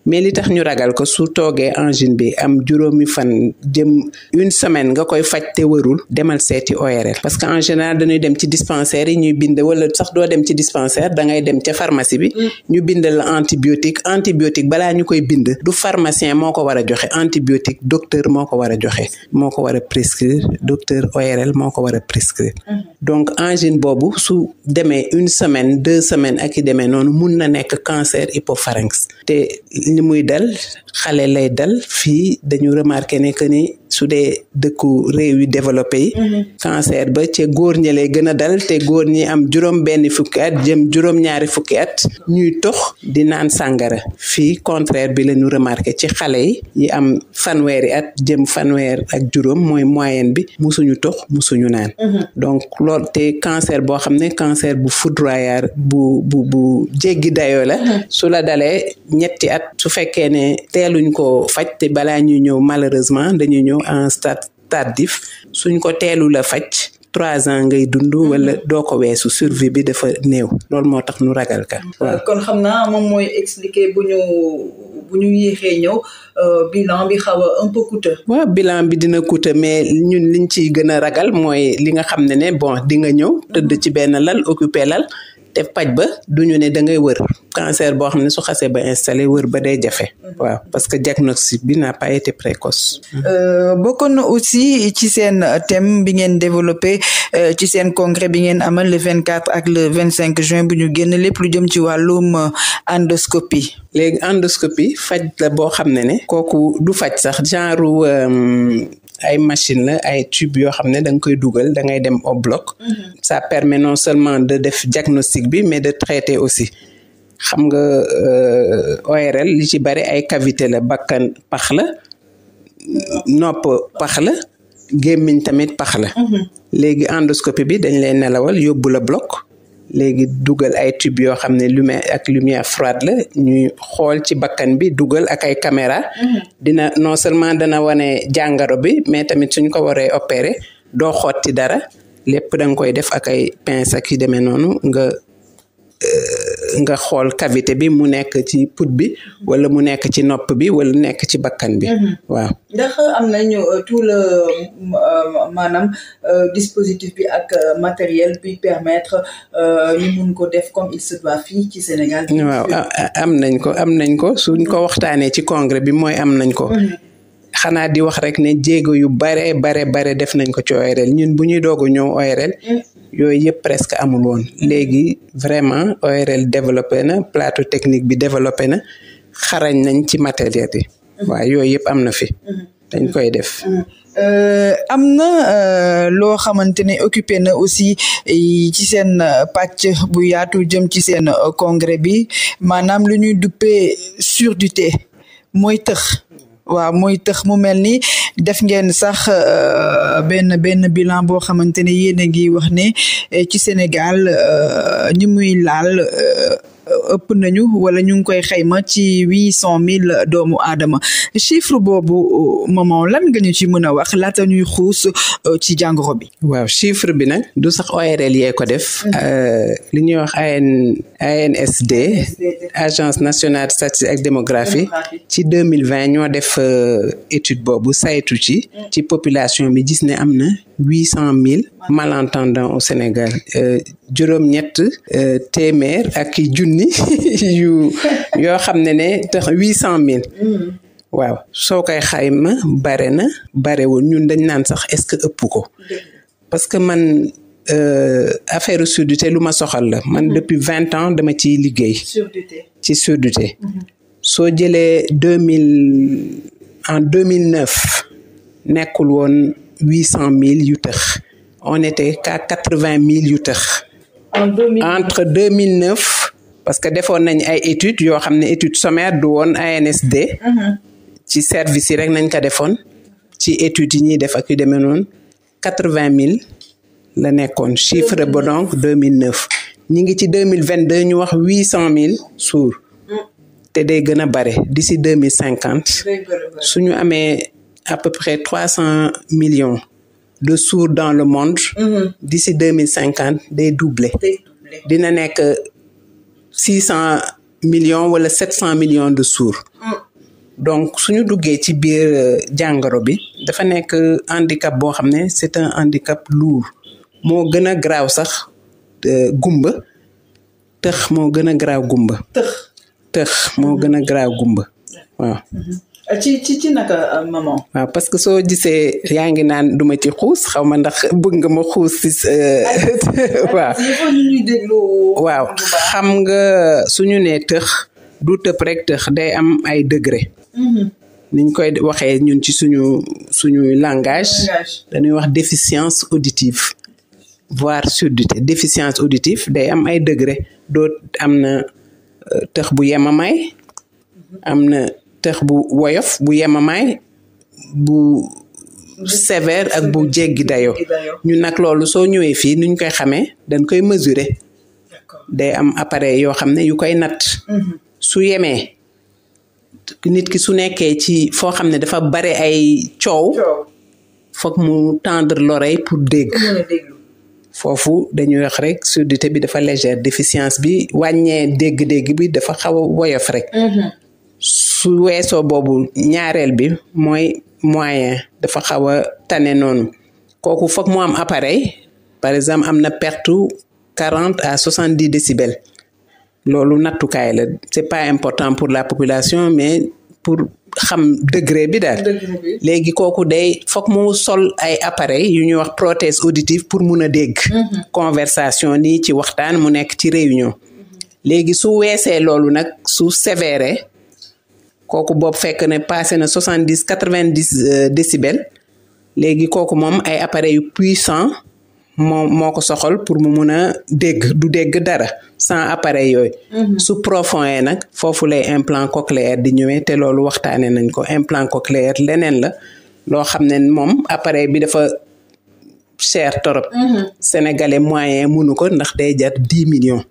S3: mais li tax ñu ragal ko su toogee angine bi am juróomi fan jëm une semaine nga koy faj te warul demal seeti ORL parce que en général dem ci dispensaire yi ñuy bind wala sax doo dem ci dispensaire da ngay dem ca pharmacie bi mm. ñu bind la antibiotique antibiotique balaa ñu koy bind du pharmacien moo ko war a joxe antibiotique docteur moo ko war a joxe moo ko war a prescrire docteur ORL moo ko war a prescrire mm. donc angine boobu su demee une semaine deux semaines ak i demee noonu mun na nekk cancer hypopharynx te ni muy dal xale lay dal fii dañu remarqué ne que ni su dee dëkku réew yi développé yi mhm. cancer ba ca góor ñi lay gën a dal te góor ñi am juróom benn fukki at jëm juróom ñaari fukki at ñuy tox di naan sàngara fii contraire bi la ñu remarqué ci xale yi yi am fanweeri at jëm fanweer ak juróom mooy moyenne bi musuñu tox musuñu naan mhm. donc loolu te cancer boo xam ne cancer bu foudroyant bu bu bu jéggi dayoo la mhm. su la dalee ñetti at su fekkee ne teeluñ ko faj te balaa ñuy ñëw malheureusement dañuy ñëw en stade dif suñ ko teelu la faj trois ans ngay dund mhm. walla doo ko weesu survie bi dafa néew loolu moo tax nu ragal ka
S1: kon xam naa moom mooy expliquer bu ñu bu ñëw
S3: euh, bilan bi xawa a un peu waaw bilan bi dina coûteux mais ñun liñ ciy gën a ragal mooy li nga xam ne ne bon di nga ñëw tëdd ci benn lal occupé lal te paj ba du ñu ne da ngay wër cancer boo xam ne su xasee ba installé wër ba day jafe. Mhm. waaw parce que diagnostic bi n'a pas été précoce.
S1: Euh, bokkoon na aussi ci seen thème bi ngeen développé euh, ci seen congrès bi ngeen amal le vingt quatre ak le vingt cinq juin bu
S3: ñu génn lépp lu jëm ci wàllum euh, endoscopie. léegi endoscopie faj la boo xam ne ne. kooku du faj sax genre. ay machine la ay tube yoo xam ne da nga koy dugal da ngay dem au bloc. Mhm. ça permet non seulement de def diagnostic bi mais de traiter aussi xam nga euh, ORL li ci bari ay cavité la bakkan pax la nopp pax la gémmiñ tamit pax la. Mhm. léegi endoscopie bi dañ lay nelawal yóbbu la bloc. léegi dugal ay tube yoo xam ne lumière ak lumière froide la ñuy xool ci bakkan bi dugal ak ay caméra mm-hmm. dina non seulement dana wane jàngaro bi mais tamit suñ ko waree opérer doo xotti dara lépp da nga koy def ak ay pince ak yu demee noonu nga nga xool cavité bi mu nekk ci put bi wala mu nekk ci nopp bi wala nekk ci bakkan bi mhm. waaw
S1: ndax am nañu euh, tout le euh, maanaam euh, dispositif nañ
S3: ko am nañ ko suñ ko waxtaanee ci congrès bi mooy am nañ ko mhm. xanaa di wax rek ne jéego yu bare bare bare def nañ ko ci ORL ñun bu ñuy doogu ñëw ORL mhm. yooyu yëpp presque amul woon léegi vraiment ORL développé na plateau technique bi développé na xarañ nañ ci matériel bi mhm. waaye yooyu yëpp am na fi. Mhm. dañ koy def. Mhm.
S1: Euh, am na euh, loo xamante ne occupé na aussi euh, ci seen pàcc bu yaatu jëm ci seen congrès bi maanaam lu ñuy duppee surdité mooy tëx. waaw muy tëx mu mel ni def ngeen sax euh, benn benn bilan boo xamante ne yéen a ngi wax ne eh, ci Sénégal euh, ñi muy laal. Euh, ëpp nañu wala ñu ngi koy xayma ci huit cent mille doomu aadama chiffre boobu maman lan nga ñu ci mën a wax laata ñuy xuus euh, ci
S3: jàngoro bi. waaw chiffre bi nag du sax ORL yee ko def. Mm-hmm. Euh, li ñuy wax AN ANSD. agence nationale de statistique ak démographie. ci deux mille vingt ñoo def euh, étude boobu saytu ci. Mm. ci population bi gis ne am na. huit cent mille malentendants au Sénégal euh, juróom-ñett euh, téeméer ak junni yu yoo xam ne ne tax huit cent mille mm. waaw soo koy xayma bare na barewul ñun dañ naan sax est-ce que ëpp ko parce que man euh, affaire surdité lu ma soxal la man mm-hmm. depuis vingt ans dama ciy liggéey ci surdité mm-hmm. soo jëlee deux mille en deux mille neuf nekkul woon huit cent mille yu tëx on était qu'à quatre vingt mille yu tëx entre deux mille neuf parce que defoon nañ ay études yoo xam ne étude sommaire du woon ANSD mhm. ci service yi rek nañ ko defoon ci études yi ñuy def ak yu demee noon quatre vingt mille la nekkoon chiffre ba donc deux mille neuf ñi ngi ci deux mille vingt deux ñu wax huit cent mille sourds mm. te day gën a bare d'ici deux mille cinquante suñu amee à peu près trois cent millions de sour dans le monde. Mm-hmm. d'ici deux mille cinquante day doubler. dina nekk six cent million wala sept cent million de sour mm. donc suñu duggee ci biir euh, jàngoro bi dafa nekk handicap boo xam ne c'est un handicap lour moo gën a graaw sax euh, gumba tëx moo gën a graaw gumba tëx moo gën a graaw gumba mm-hmm. waaw mm-hmm.
S1: Euh, ci ci ci naka
S3: euh, parce que soo gisee yaa ngi naan duma ci xuus xaw ma ndax bëgg nga ma xuus si. Euh, waaw waaw xam nga suñu nee tëx du tëp rek tëx day am ay degré. Mhm. niñ koy waxee ñun ci suñu suñu langage. dañuy wax déficience auditive. voire surdité déficience auditive day am ay degré doo am na tëx bu yemamaay am na. tëx bu woyof bu yemamaay bu sévère ak bu jéggi dayo ñu nag loolu soo ñëwee fii nuñ koy xamee dañ koy mesure day am appareil yoo xam ne yu koy natt mhm. su yemee nit ki su nekkee ci foo xam ne dafa bare ay coow foog mu tendre l'oreille pour dégg foofu dañuy wax rek surdité bi dafa légère déficience bi wàññee dégg-dégg bi dafa xaw a woyof rek mhm. su weesoo boobu ñaareel bi mooy moyen dafa xaw a tane noonu kooku foog mu am appareil par exemple am na perte quarante à soixante dix décibels loolu nattukaay la c'est pas important pour la population mais pour xam degré bi daal léegi kooku day foog mu sol ay appareil yu ñuy wax prothèse auditive pour mun a dégg mm-hmm. conversation nii ci waxtaan mu nekk ci réunion mm-hmm. léegi su weesee loolu nag su sévère kooku boobu fekk ne passé na soixante dix quatre vingt dix euh, décibels léegi kooku moom ay appareils yu puissant moo moo ko soxal pour mu mun a dégg du dégg dara cent appareil yooyu. Mm -hmm. su nag foofu lay implant cochléaire di ñëwee te loolu waxtaanee nañ ko implant cochléaire leneen la loo xam ne moom appareil bi dafa cher torop sénégalais moyen munu ko ndax day jar dix millions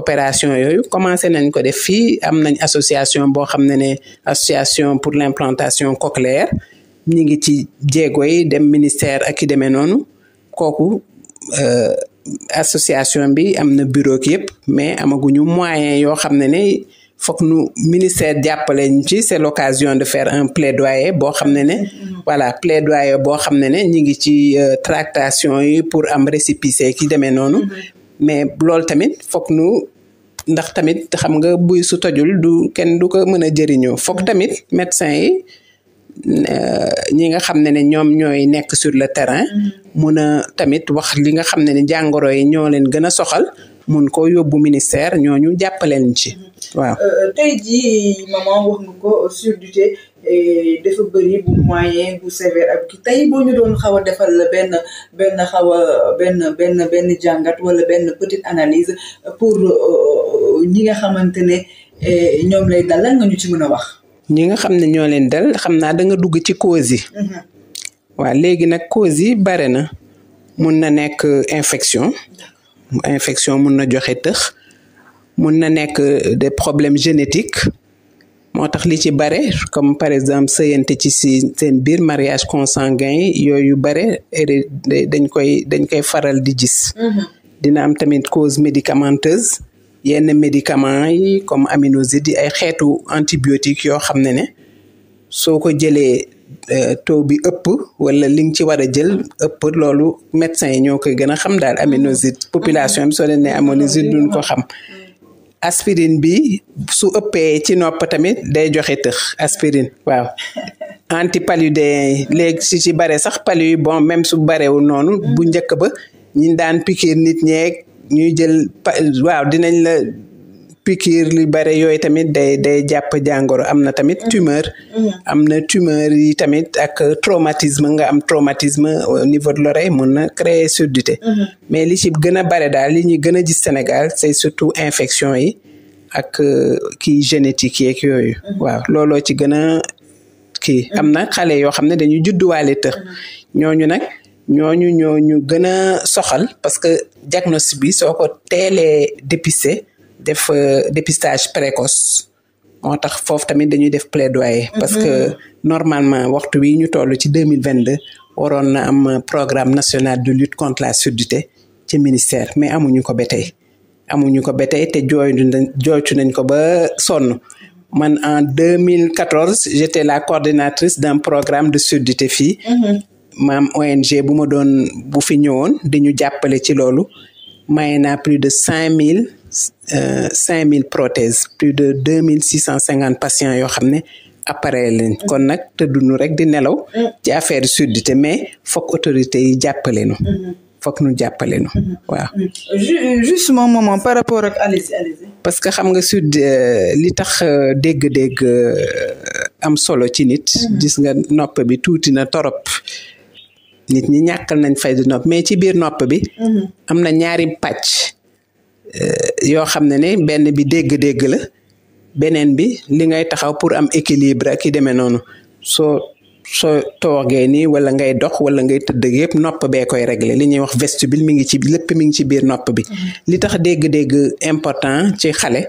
S3: opération yooyu commencé nañ ko def fii am nañ association boo xam ne ne association pour l'implantation cochléaire ñi ngi ci jéego yi dem ministère ak i demee noonu kooku euh, association bi am na bureau yëpp mais amaguñu moyen yoo xam ne foog nu ministère jàppale ñu ci c'est l'occasion de faire un plaidoyer boo xam ne ne mm-hmm. voilà plaidoyer boo xam ne ne ñu ngi ci euh, tractation yi pour am récépissé ki demee noonu mm-hmm. mais loolu tamit foog nu ndax tamit xam nga buy su tojul du kenn du ko mën a jëriñoo foog mm-hmm. tamit médecin yi euh, ñi nga xam ne ne ñoom ñooy nekk sur le terrain mun a tamit wax li nga xam ne ne jàngoro yi ñoo leen gën a soxal mun koo yóbbu ministère ñooñu jàppaleen ci waaw euh,
S1: euh, tey jii maman wax nga ko surdité dafa bëri bu moyen ki tey boo ñu doon xaw a defal benn benn xaw a benn benn benn jàngat wala benn petite analise pour euh, ñi nga xamante ne eh, ñoom lay dal nga ñu ci mën a wax
S3: ñi nga xam ne ñoo leen dal xam naa danga dugg ci cause yi mhm. léegi nag cause yi bare na mun na nekk infection infection mun na joxe tëx mun na nekk euh, des problèmes génétiques moo tax li ci bare comme par exemple sëyante ci si seen biir mariage consanguin yooyu bare dañ koy dañ koy faral di gis mm-hmm. dina am tamit cause médicamenteuse yenn médicaments yi comme aminoside yi ay xeetu antibiotiques yoo xam ne ne ko jëlee Euh, taux bi ëpp wala li nga ci war a jël ëpp loolu médecin yi ñoo koy gën a xam daal aminoside mhm. population bi soo leen ne aminoside duñ ko xam mhm. aspirine bi su ëppee ci nopp tamit day joxe tëx aspirine waaw antipaludéen yi léegi si ci bare sax palu yi bon même su barewul noonu bu mhm. njëkk ba ñi daan pikiir nit ñeeg ñuy jël waaw dinañ la piqûre lu bare yooyu tamit day day jàpp jàngoro am na tamit tumeur mm-hmm. am na tumeur yi tamit ak traumatisme nga am traumatisme au niveau de l'oreille mun na créer surdité mm-hmm. mais li ci gën a bare daal li ñuy gën a gis Sénégal c'est surtout infection yi ak euh, ki génétique yeeg yooyu mm-hmm. waaw looloo ci gën a kii am na xale yoo xam ne dañuy judduwaale tëx ñooñu nag ñooñu ñooñu gën a soxal parce que diagnostic soo ko teelee dépister def euh, dépistage précoce moo tax foofu tamit dañuy def plaidoyer. Mhm. parce que normalement waxtu wi ñu toll ci deux mille vingt deux waroon na am programme national de lutte contre la surdité ci ministère mais amuñu ko ba tey amuñu ko ba tey te jooytu nañ ko ba sonn. man en 2014 j'étais la coordinatrice d'un programme de surdité fii mhm. maam ONG bu ma doon bu fi ñëwoon di jàppale ci loolu maye naa plus de cinq mille cinq mille prothèses plus de deux mille six cent cinquante patients yoo xam ne appareil lañ kon nag tëddunu rek di nelaw ci affaire surdité mais foog autorité yi jàppale nu foog nu jàppale nu waaw
S1: justement moment par rapport ak
S3: parce que xam nga sud euh, li tax euh, dégg-dégg euh, am solo ci nit gis nga nopp bi tuuti na torop nit ñi ñàkkal nañ fay di nopp mais ci biir nopp bi mhm. am na ñaari pàcc Euh, yoo xam ne ne benn bi dégg-dégg la beneen bi li ngay taxaw pour am équilibre ak i demee noonu soo soo toogee nii wala ngay dox wala ngay tëdd yëpp nopp bee koy régler li ñuy wax vestibule mi ngi ci lépp mi ngi ci biir nopp bi. Mm-hmm. li tax dégg-dégg important ci xale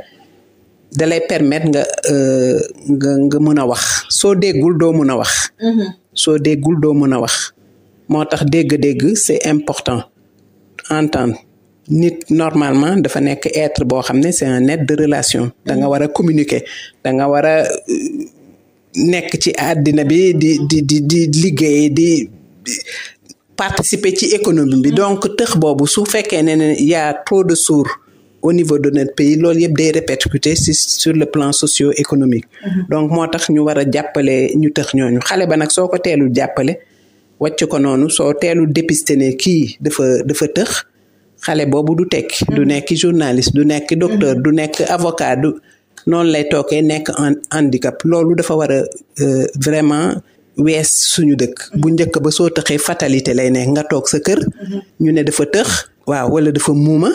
S3: dalay lay permettre nga euh, nga nga mën a wax soo déggul doo mën a wax. Mm-hmm. soo déggul doo mën a wax moo tax dégg-dégg c'est important entendre. nit normalement dafa nekk être boo xam ne c'est un être de relation da nga war a communiquer da nga war a euh, nekk ci àddina bi di di di di liggéey di participer ci économie bi mm-hmm. donc tëx boobu su fekkee ne ne y a trop de sour au niveau de notre pays loolu yëpp day répercuté sur le plan socio-économique mm-hmm. donc moo tax ñu war a jàppale ñu tëx ñooñu xale ba nag soo ko teelul jàppale wacc ko noonu soo teelu dépister ne kii dafa dafa tëx xale boobu du tekki du mm-hmm. nekk journaliste du nekk docteur mm-hmm. du nekk avocat du noonu lay tookee nekk un handicap loolu dafa war a euh, vraiment wees suñu dëkk bu mm-hmm. njëkk ba soo tëxee fatalité lay nekk nga toog sa kër ñu ne dafa tëx waaw wala dafa muuma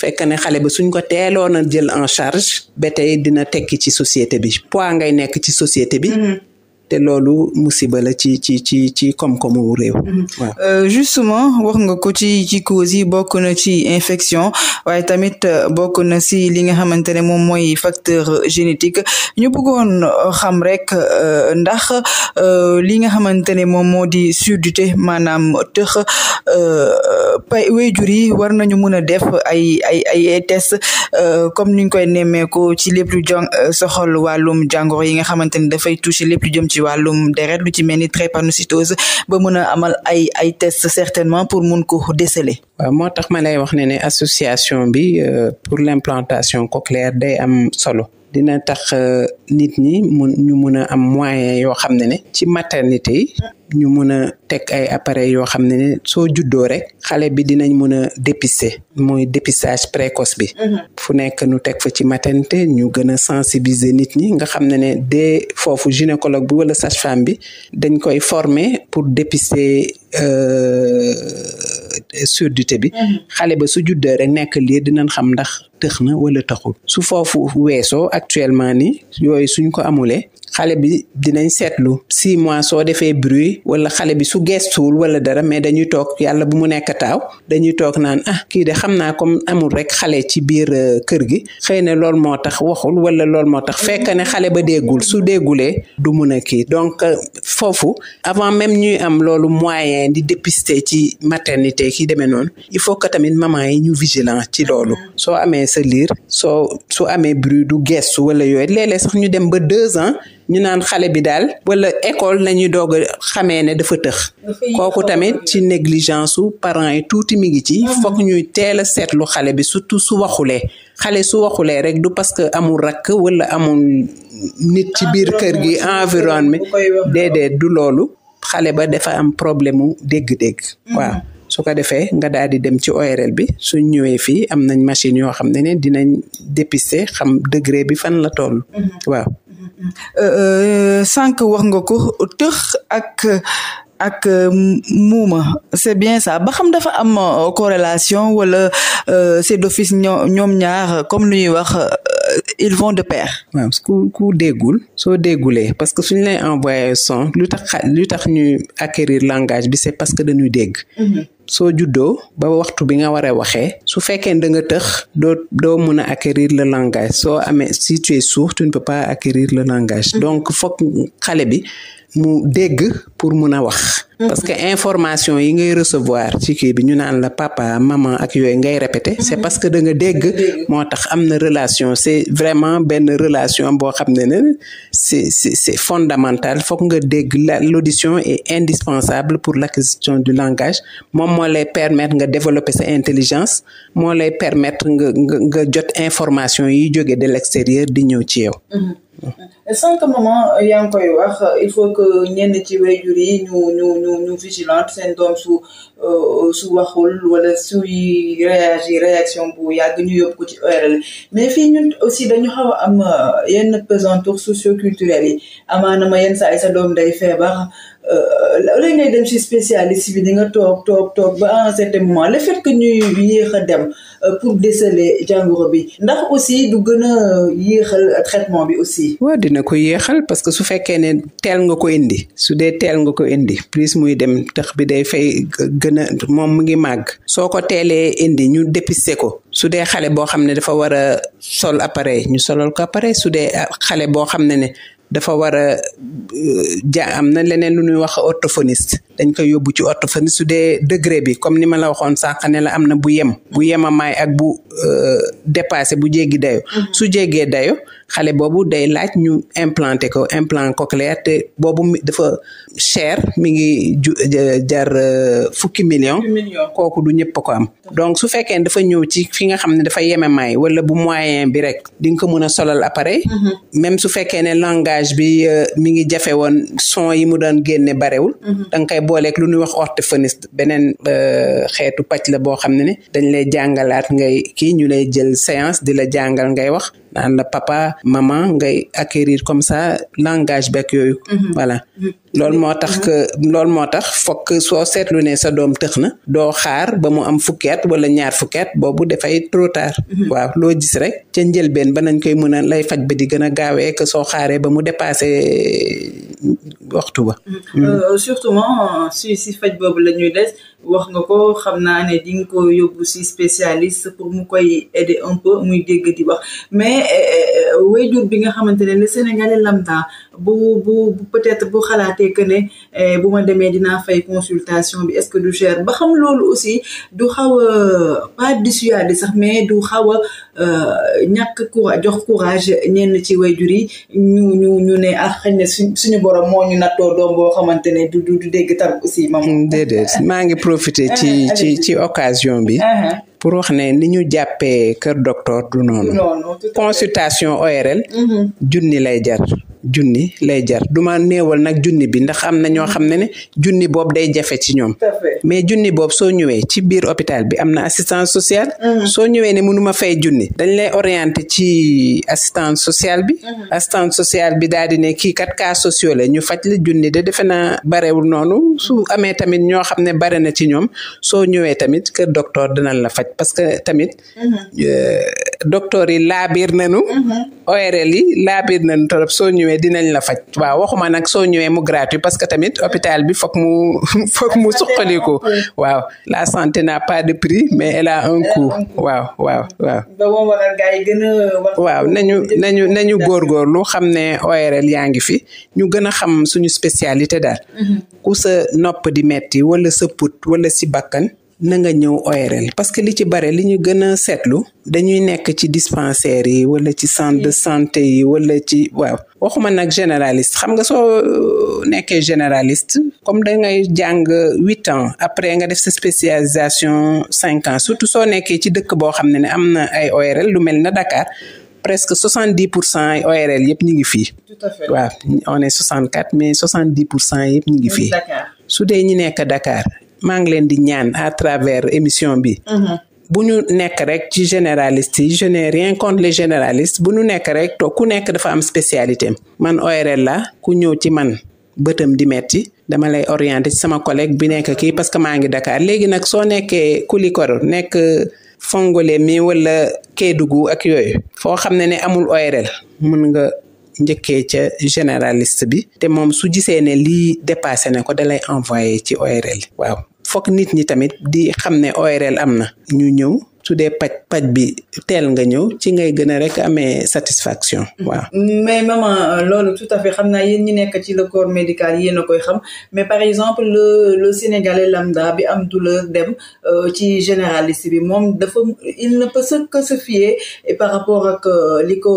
S3: fekk ne xale ba suñ ko teeloon a jël en charge ba tey dina tekki ci société bi poids ngay nekk ci société bi te loolu musiba la ci ci ci ci koom-koomu réew. Mhm. waaw
S1: euh, justement wax nga ko ci ci causes yi bokk na ci infection waaye tamit euh, bokk na si li nga xamante ne moom mooy facteur génétique ñu bëggoon xam rek euh, ndax li nga xamante ne moom moo di surdité maanaam tëx pay waajur yi war nañu mën a def ay ay ay test comme ni koy nemmeeku ci lépp lu jàng soxal wàllum jàngoro yi nga xamante ne dafay touché lépp lu jëm
S3: ci wàllum deret lu ci mel ni drépanocytose ba mën a amal ay ay tests certainement pour mun ko déceler. waaw moo tax ma lay wax ne ne association bi euh, pour l'implantation cochléaire day am solo. dina tax euh, nit ñi mun ñu mun a am moyen yoo xam ne ne ci maternité yi ñu mun a teg ay appareil yoo xam ne ne soo juddoo rek xale bi dinañ mun a dépister mooy dépistage précoce bi mhm. fu nekk nu teg fa ci maternité ñu gën a sensibiliser nit ñi nga xam ne ne dès foofu gynécologue bi wala sage-femme bi dañ koy former pour dépister euh surdité bi xale ba su juddoo rek nekk lii dinañ xam ndax tëx na wala taxul su foofu weesoo actuellement ni yooyu suñ ko amulee xale bi dinañ seetlu six mois soo defee bruit wala xale bi su gestuwul wala dara mais dañuy toog yàlla bu mu nekk taaw dañuy toog naan ah kii de xam naa comme amul rek xale ci biir euh, kër gi xëy na lool moo tax waxul wala lool moo tax fekk ne xale ba déggul su déggulee du mun a kii donc euh, foofu avant même ñuy am loolu moyen di dépister ci maternité ki demee noonu il faut que tamit maman yi ñu vigilant ci loolu soo amee sa liir soo su amee bruit du gestu wala yooyu léeg sax ñu dem ba deux ans ñu naan xale bi daal wala école lañuy doog a xamee ne dafa tëx kooku tamit ci négligence su parents yi tuuti mi ngi ci hmm. foog ñuy teel a seetlu xale bi surtout su waxulee xale su waxulee rek du parce que amul rakk wala amul nit ci biir kër gi environnement déedéet du loolu xale ba dafa am problème mu dégg-dégg hmm. waaw su ko defee nga daal di dem ci ORL bi suñ ñëwee fii am nañ machine yoo xam ne ne dinañ dépister xam degré bi fan la toll hmm. waaw
S1: Euh, euh, sànq wax nga ko tëx ak ak euh, muuma c'est bien ça ba xam dafa am corrélation wala c'est d'office ñoom ñaar comme lu ñuy wax
S3: ils vont de pair. ku ku dégul soo dégulee parce que suñu lay envoyé son lu tax lu tax ñu acquérir langage bi c'est parce que dañuy dégg. Mm-hmm. soo juddoo ba waxtu bi nga waree waxee su fekkee da nga tëx doo doo mun a acquérir la langage soo amee si tu es sourd tu ne peux pas acquérir le langage mm. donc foog xale bi mu dégg pour mun a wax. Mm-hmm. parce que information yi ngay recevoir ci kii bi ñu naan la papa maman ak yooyu ngay répété. c'est mm-hmm. parce que da nga dégg moo tax am na relation c'est vraiment benn relation boo xam ne ne c'est c'est c'est fondamental foog nga dégg la l'audition est indispensable pour l'acquisition du langage moom moo lay permettre nga développer sa intelligence moo lay permettre nga nga nga jot information yi jóge de l'extérieur di ñëw ci yow. Mm-hmm.
S1: sànq maman euh, yaa ngi wax euh, il faut que ñenn ci waajur yi ñu ñu ñu ñu vigilante seen doom su euh, su waxul wala suy réagir réaction bu yàgg ñu yóbbu ko ci ORL mais fii ñun aussi dañu xaw a am yenn pesanteur socio culturelle yi amaana ma yenn saa yi sa doom day feebar. Euh, la ngay dem ci spécialiste bi di nga toog toog toog ba à un certain moment le fekk que ñuy yéex dem euh, pour déceler jàngoro bi ndax aussi du
S3: gën a yéexal traitement bi aussi. waaw dina ko yéexal parce que su fekkee ne teel nga ko indi su dee teel nga ko indi plus muy dem tax bi day fay gën a moom mu ngi màgg. soo ko teelee indi ñu dépister ko su dee xale boo xam ne dafa war a sol appareil ñu solal ko appareil su dee ah, xale boo xam ne ne. dafa war a euh, ja am na leneen lu ñuy wax orthophoniste dañ koy yóbbu ci orthophoniste su dee degré bi comme ni ma la waxoon sànq ne la am na bu yem bu yemamaay ak bu euh, dépassé bu jéggi dayo mm-hmm. su jéggee dayo xale boobu day laaj ñu implanté ko implant cochléaire te boobu dafa cher mi ngi ju jar euh, fukki million kooku du ñëpp ko am donc su fekkee ne dafa ñëw ci fi nga xam ne dafa yeme may wala bu moyen bi rek dinga nga ko mën a solal appareil mm-hmm. même su fekkee ne langage bi euh, mi ngi jafe woon son yi mu daan génne barewul mm-hmm. danga nga koy booleeg lu nuy wax orthophoniste beneen euh, xeetu pàcc la boo xam ne ne dañ lay jàngalaat ngay kii ñu lay jël séance di la jàngal ngay wax naan la papa maman ngay acquérir comme ça langage beeg yooyu. Mhm. voilà. Mhm. loolu moo tax que loolu moo tax fokk soo seetlu ne sa doom tëx na doo xaar ba mu am fukki at wala ñaar fukki boobu dafay trop mhm. waaw loo gis rek ca njëlbeen ba nañ koy mën a lay faj ba di gën a gaawee que soo xaaree ba mu dépassé waxtu ba. Mhm. Mm. Euh,
S1: surtout si si faj boobu la ñuy wax nga ko xam naa ne di nga ko yóbbu si spécialiste pour mu koy aider un peu muy dégg di wax mais euh, euh, wayjur bi nga xamante ne le Sénégalais lambda bu bu peut-être bu xalaatee. fàttee que ne eh, bu ma demee dinaa fay consultation bi est-ce que du cher ba xam loolu aussi du xaw a pas dissuader sax mais du xaw a euh, ñàkk courage jox courage ñenn ci wayjur yi ñu ñu ñu ne ah xëy na suñu borom moo ñu
S3: nattoo doom boo xamante ne du du dégg tam aussi mam mm, déedéet maa ngi profité ci eh, eh, ci ci occasion bi pour wax ne ni ñu jàppee kër docteur du noonu consultation ORL mm-hmm. junni lay jar junni lay jar du ma néewal nag junni bi ndax am na ñoo xam ne ne junni boobu day jafe ci ñoom mais junni boob soo ñëwee ci biir hôpital bi am na assistance sociale mm. soo ñëwee ne mënuma fay junni dañ lay orienté ci assistance sociale bi mm-hmm. assistance sociale bi daal di ne kii kat cas sociaux le ñu faj la junni de defe naa barewul noonu su amee tamit ñoo xam ne bare na ci ñoom soo ñëwee tamit kër docteur dinañ la faj parce que tamit mm-hmm. euh, docteur yi laabiir nañu. Mhm. ORL yi laabiir nañu trop soo ñëwee dinañ la faj waaw waxuma nag soo ñëwee mu gratuit parce que tamit hôpital bi foog mu foog mu suqaliku waaw la santé n'a pas de prix mais elle a un coût waaw waaw waaw. waaw nañu nañu nañu góorgóorlu xam ne ORL yaa ngi fi ñu gën a xam suñu spécialité daal. Mhm. ku sa nopp di metti wala sa put wala si bakkan. na nga ñëw ORL parce que li ci bare li ñu gën a seetlu dañuy nekk ci dispensaire yi wala ci centre de mm. santé yi wala ci waaw waxuma nag généraliste xam nga soo euh, nekkee généraliste comme da ngay jàng huit ans après nga def sa spécialisation cinq ans surtout soo nekkee ci dëkk boo xam ne ne am na ay ORL lu mel na Dakar presque soixante dix pour cent ORL yëpp ñu ngi fii. waaw on est soixante quatre mais soixante dix pour cent yëpp ñu ngi fii. su dee ñi nekk maa ngi leen di ñaan à travers émission bi. Mm-hmm. bu ñu nekk rek ci généraliste yi je n'ai rien contre les généralistes bu nu nekk rek to ku nekk dafa am spécialité man ORL la ku ñëw ci man bëtam di metti dama lay orienté ci sama collègue bi nekk kii parce que maa ngi dakaar léegi nag soo nekkee ku Kulikoro nekk Fongolé mi wala Kédougou ak yooyu foo xam ne ne amul ORL mën nga njëkkee ca généraliste bi te moom su gisee ne lii dépassé na ko dalay envoyé ci ORL waaw foog nit ñi tamit di xam ne ORL am na ñu ñëw su dee paj paj bi teel nga ñëw ci ngay gën rek amee satisfaction mm-hmm. waa
S1: mais maman euh, loolu tout à fait xam naa yéen ñi nekk ci le corps médical yéen a koy xam mais par exemple le le sénégalais lambda bi am douleur dem euh, ci généraliste bi moom dafa il ne peut que se fier par rapport ak euh, li ko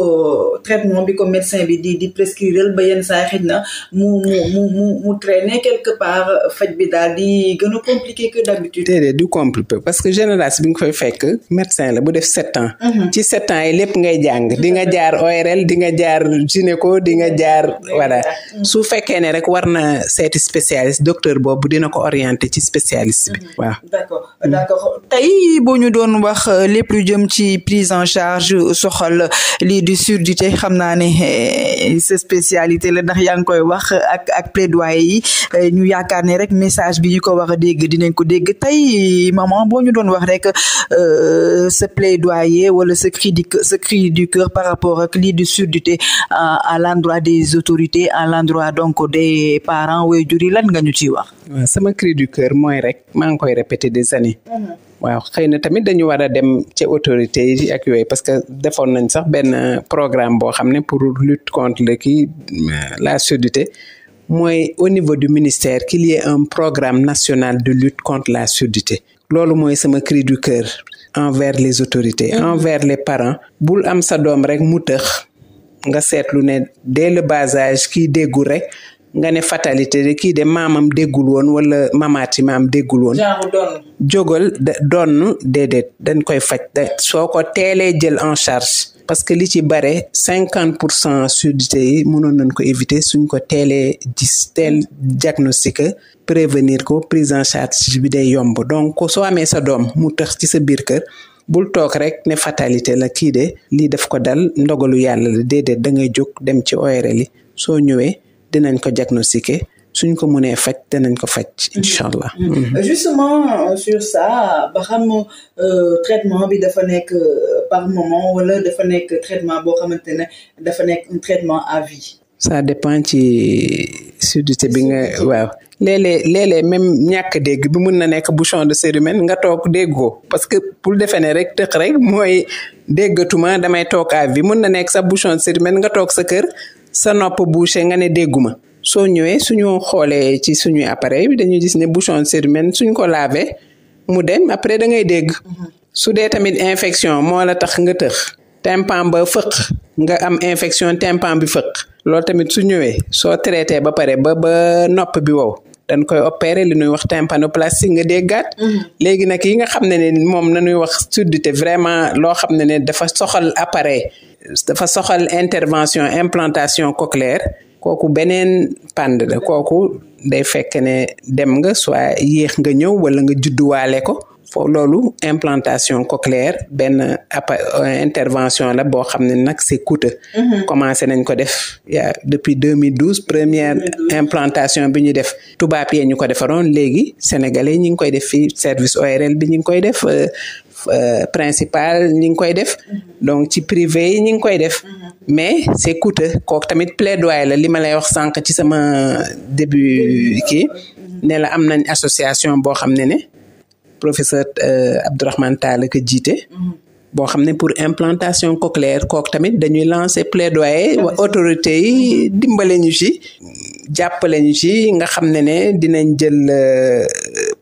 S1: traitement bi ko médecin bi di di prescrire ba yenn saa xëj na mu mu mu mu mu traîner quelque part faj bi daal di gën a compliqué que d'habitude.
S3: déedéet du compliqué parce que généraliste bi nga koy fekk. médecin la bu def sept ans. Mhm. ci sept ans yi lépp ngay jàng di nga jaar ORL di nga jaar gynéco di nga jaar voilà mhm. su fekkee ne rek war na seeti spécialiste docteur boobu dina ko orienté ci spécialiste bi mhm. waaw. d'accord boo ñu doon wax euh, lépp lu jëm ci prise en charge euh, soxal euh,
S1: lii di surdité xam naa ne sa spécialité la ndax yaa ngi koy wax ak ak plaidoyer yi ñu yaakaar ne rek message bi ñu ko wax a dégg dinañ ko dégg tey maman boo ñu doon wax rek. Euh, sa plaidoyer wala sa cri du sa cri du par rapport ak lii di surdité euh, à l'endroit des autorités à l'endroit donc des
S3: parents waajur yi lan nga ñu ci wax. sama cri du cœur mooy rek maa ngi koy répéter des années. Mhm. waaw xëy na tamit dañu war a dem ci autorité yi ak yooyu parce que defoon nañ sax benn programme boo xam ne pour lutte contre kii euh, la surdité mooy au niveau du ministère qu'il y ait un programme national de lutte contre la surdité loolu mooy sama cri du cœur envers les autorités mm -hmm. envers les parents bul am sa doom rek mu tëx nga seetlu ne dès le bas âge kii déggul rek nga ne fatalité de kii de maamam déggul woon wala mamaati maam déggul woon jógal donn déedéet dañ koy faj soo ko teelee jël en charge parce que li ci bare cinquante pour cent surdité mënoon nañ ko éviter suñ ko teelee gis teel diagnostiqué prévenir ko prise en charge bi day yomb donc soo amee sa doom mu tax ci sa biir kër bul toog rek ne fatalité la kii de lii daf ko dal ndogalu yàlla la déedéet da ngay jóg dem ci ORL yi soo ñëwee dinañ ko diagnostiqué suñ ko mënee faj nañ ko faj mhm. incha allah mhm. mhm.
S1: euh, justement euh, sur ça ba xam euh, traitement bi dafa nekk par moment wala dafa nekk traitement
S3: boo xamante ne dafa nekk un traitement à vie ça dépend ci surdité bi nga waaw léeg-léeg léeg même ñàkk dégg bi mun na nekk bouchon de cérumen nga toog déggoo parce que pour defee ne rek tëx rek mooy déggatuma damay toog à vie na nekk sa bouchon de nga toog sa kër sa nopp bouché nga ne dégguma soo ñëwee suñu xoolee ci suñuy appareil bi dañuy gis ne bouchon surmène suñ ko lavé mu dem après da ngay dégg su dee tamit infection moo la tax nga tëx tympan ba fëq nga am infection tympan bi fëq loolu tamit su ñëwee soo traité ba pare ba ba nopp bi wow dañ koy opérer li ñuy wax tympanoplastie nga déggaat mm-hmm. léegi nag yi nga xam ne ne moom nañuy wax surdité vraiment loo xam ne ne dafa soxal appareil dafa soxal intervention implantation cochléaire kooku beneen pànd la kooku day fekk ne dem nga soit yéex nga ñëw wala nga judduwaale ko foo loolu implantation cochléaire benn euh, intervention la boo xam ne nag c'est coûteux. Mhm. commencé nañ ko def yaa depuis 2012 première implantation bi ñu def tubaab yee ñu ko defaroon léegi sénégalais ñi ngi koy def fii service ORL bi ñu ngi koy def euh, Euh, principal ñi ngi koy def donc ci privé yi ñi ngi koy def mais c'est coûteux kooku tamit plaidoyer la li ma lay wax sànq ci sama début kii ne la am nañ association boo xam ne ne professeur euh, Abdourahmane Tall ko jiite boo xam ne pour implantation cochléaire kooku tamit dañuy lancer plaidoyer ah, autorité yi dimbale ñu jàppale ñu nga xam ne ne dinañ jël euh,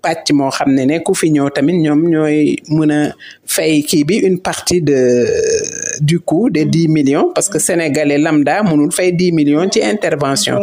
S3: pàcc moo xam ne ne ku fi ñëw tamit ñoom ñooy mën a fay kii bi une partie de euh, du coût des dix millions parce que sénégalais lambda mënul fay dix millions ci intervention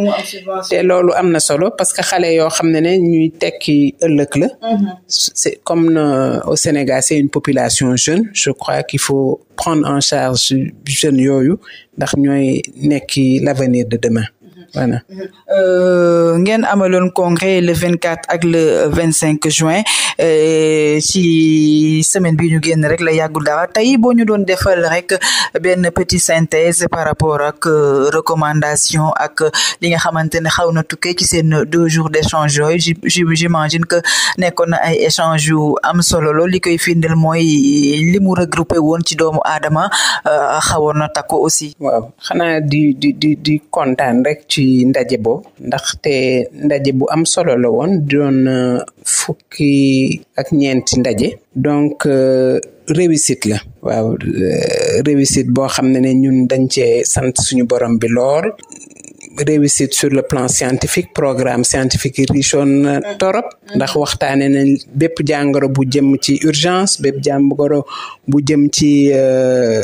S3: te loolu am na solo parce que xale yoo xam ne ne ñuy tekki ëllëg la mm-hmm. c'est comme euh, au Sénégal c'est une population jeune je crois qu'il faut prendre en charge jeunes yooyu ndax ñooy nekki l'avenir de demain
S1: Euh, ngeen amaloon congrès le vingt quatre ak le vingt cinq juin euh, ci semaine bi ñu génn rek la yàggul dara tey boo ñu doon defal rek benn petit synthèse par rapport ak euh, recommandation ak li nga xamante ne xaw na tukkee ci seen deux jours d'échange yooyu j'imagine que nekkoon na ay échange yu am solo lool li koy firndeel mooy li mu regroupé woon ci doomu aadama xawoon na takku
S3: aussi waaw xanaa di di di di rek ndaje bo ndax te ndaje bu am solo la woon doon euh, fukki ak ñeenti ndaje donc euh, réussite la waaw euh, réussite boo xam ne ne ñun dañ cee sant suñu borom bi lool réussite sur le plan scientifique programme scientifique yi richoon torop ndax waxtaane nañ bépp jàngoro bu jëm ci urgence bépp jàngoro bu jëm ci euh,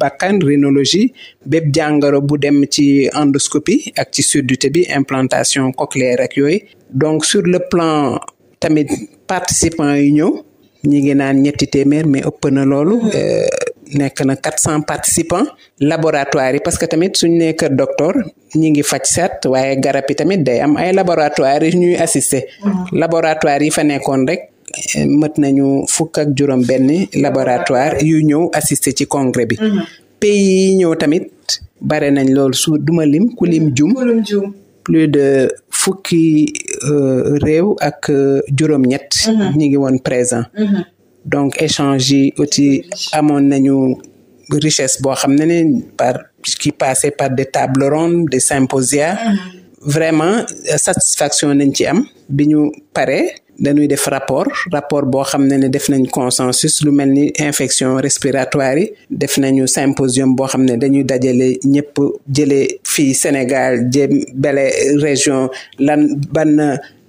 S3: bakkan rhinologie bépp jàngoro bu dem ci endoscopie ak ci surdité bi implantation cochléaire ak yooyu donc sur le plan tamit participants yi ñëw ñi ngi naan ñetti téeméer mais ëpp na loolu euh, nekk na quatre cent participants laboratoire yi parce que tamit suñ nekk kër docteur ñi ngi faj set waaye garab yi tamit day am ay laboratoire ñuy assister mm-hmm. laboratoire yi fa nekkoon rek eh, mët nañu fukk ak juróom laboratoire yu ñëw assister ci congrès bi mm-hmm. pays ñëw tamit bare nañ lool su duma lim mm-hmm. ku lim jum plus de fukki euh, réew ak euh, juróom ñett ñi ngi woon présent donc échange yi aussi amoon nañu richesse boo xam ne ne par qui passait par de table rondes de symposia
S1: mm-hmm.
S3: vraiment euh, satisfaction nañ ci am bi ñu paree dañuy def rapport rapport boo xam ne ne def nañ consensus lu mel ni infection respiratoire yi def nañu symposium boo xam ne dañuy dajale ñëpp jëlee fii Sénégal jëm bele région lan ban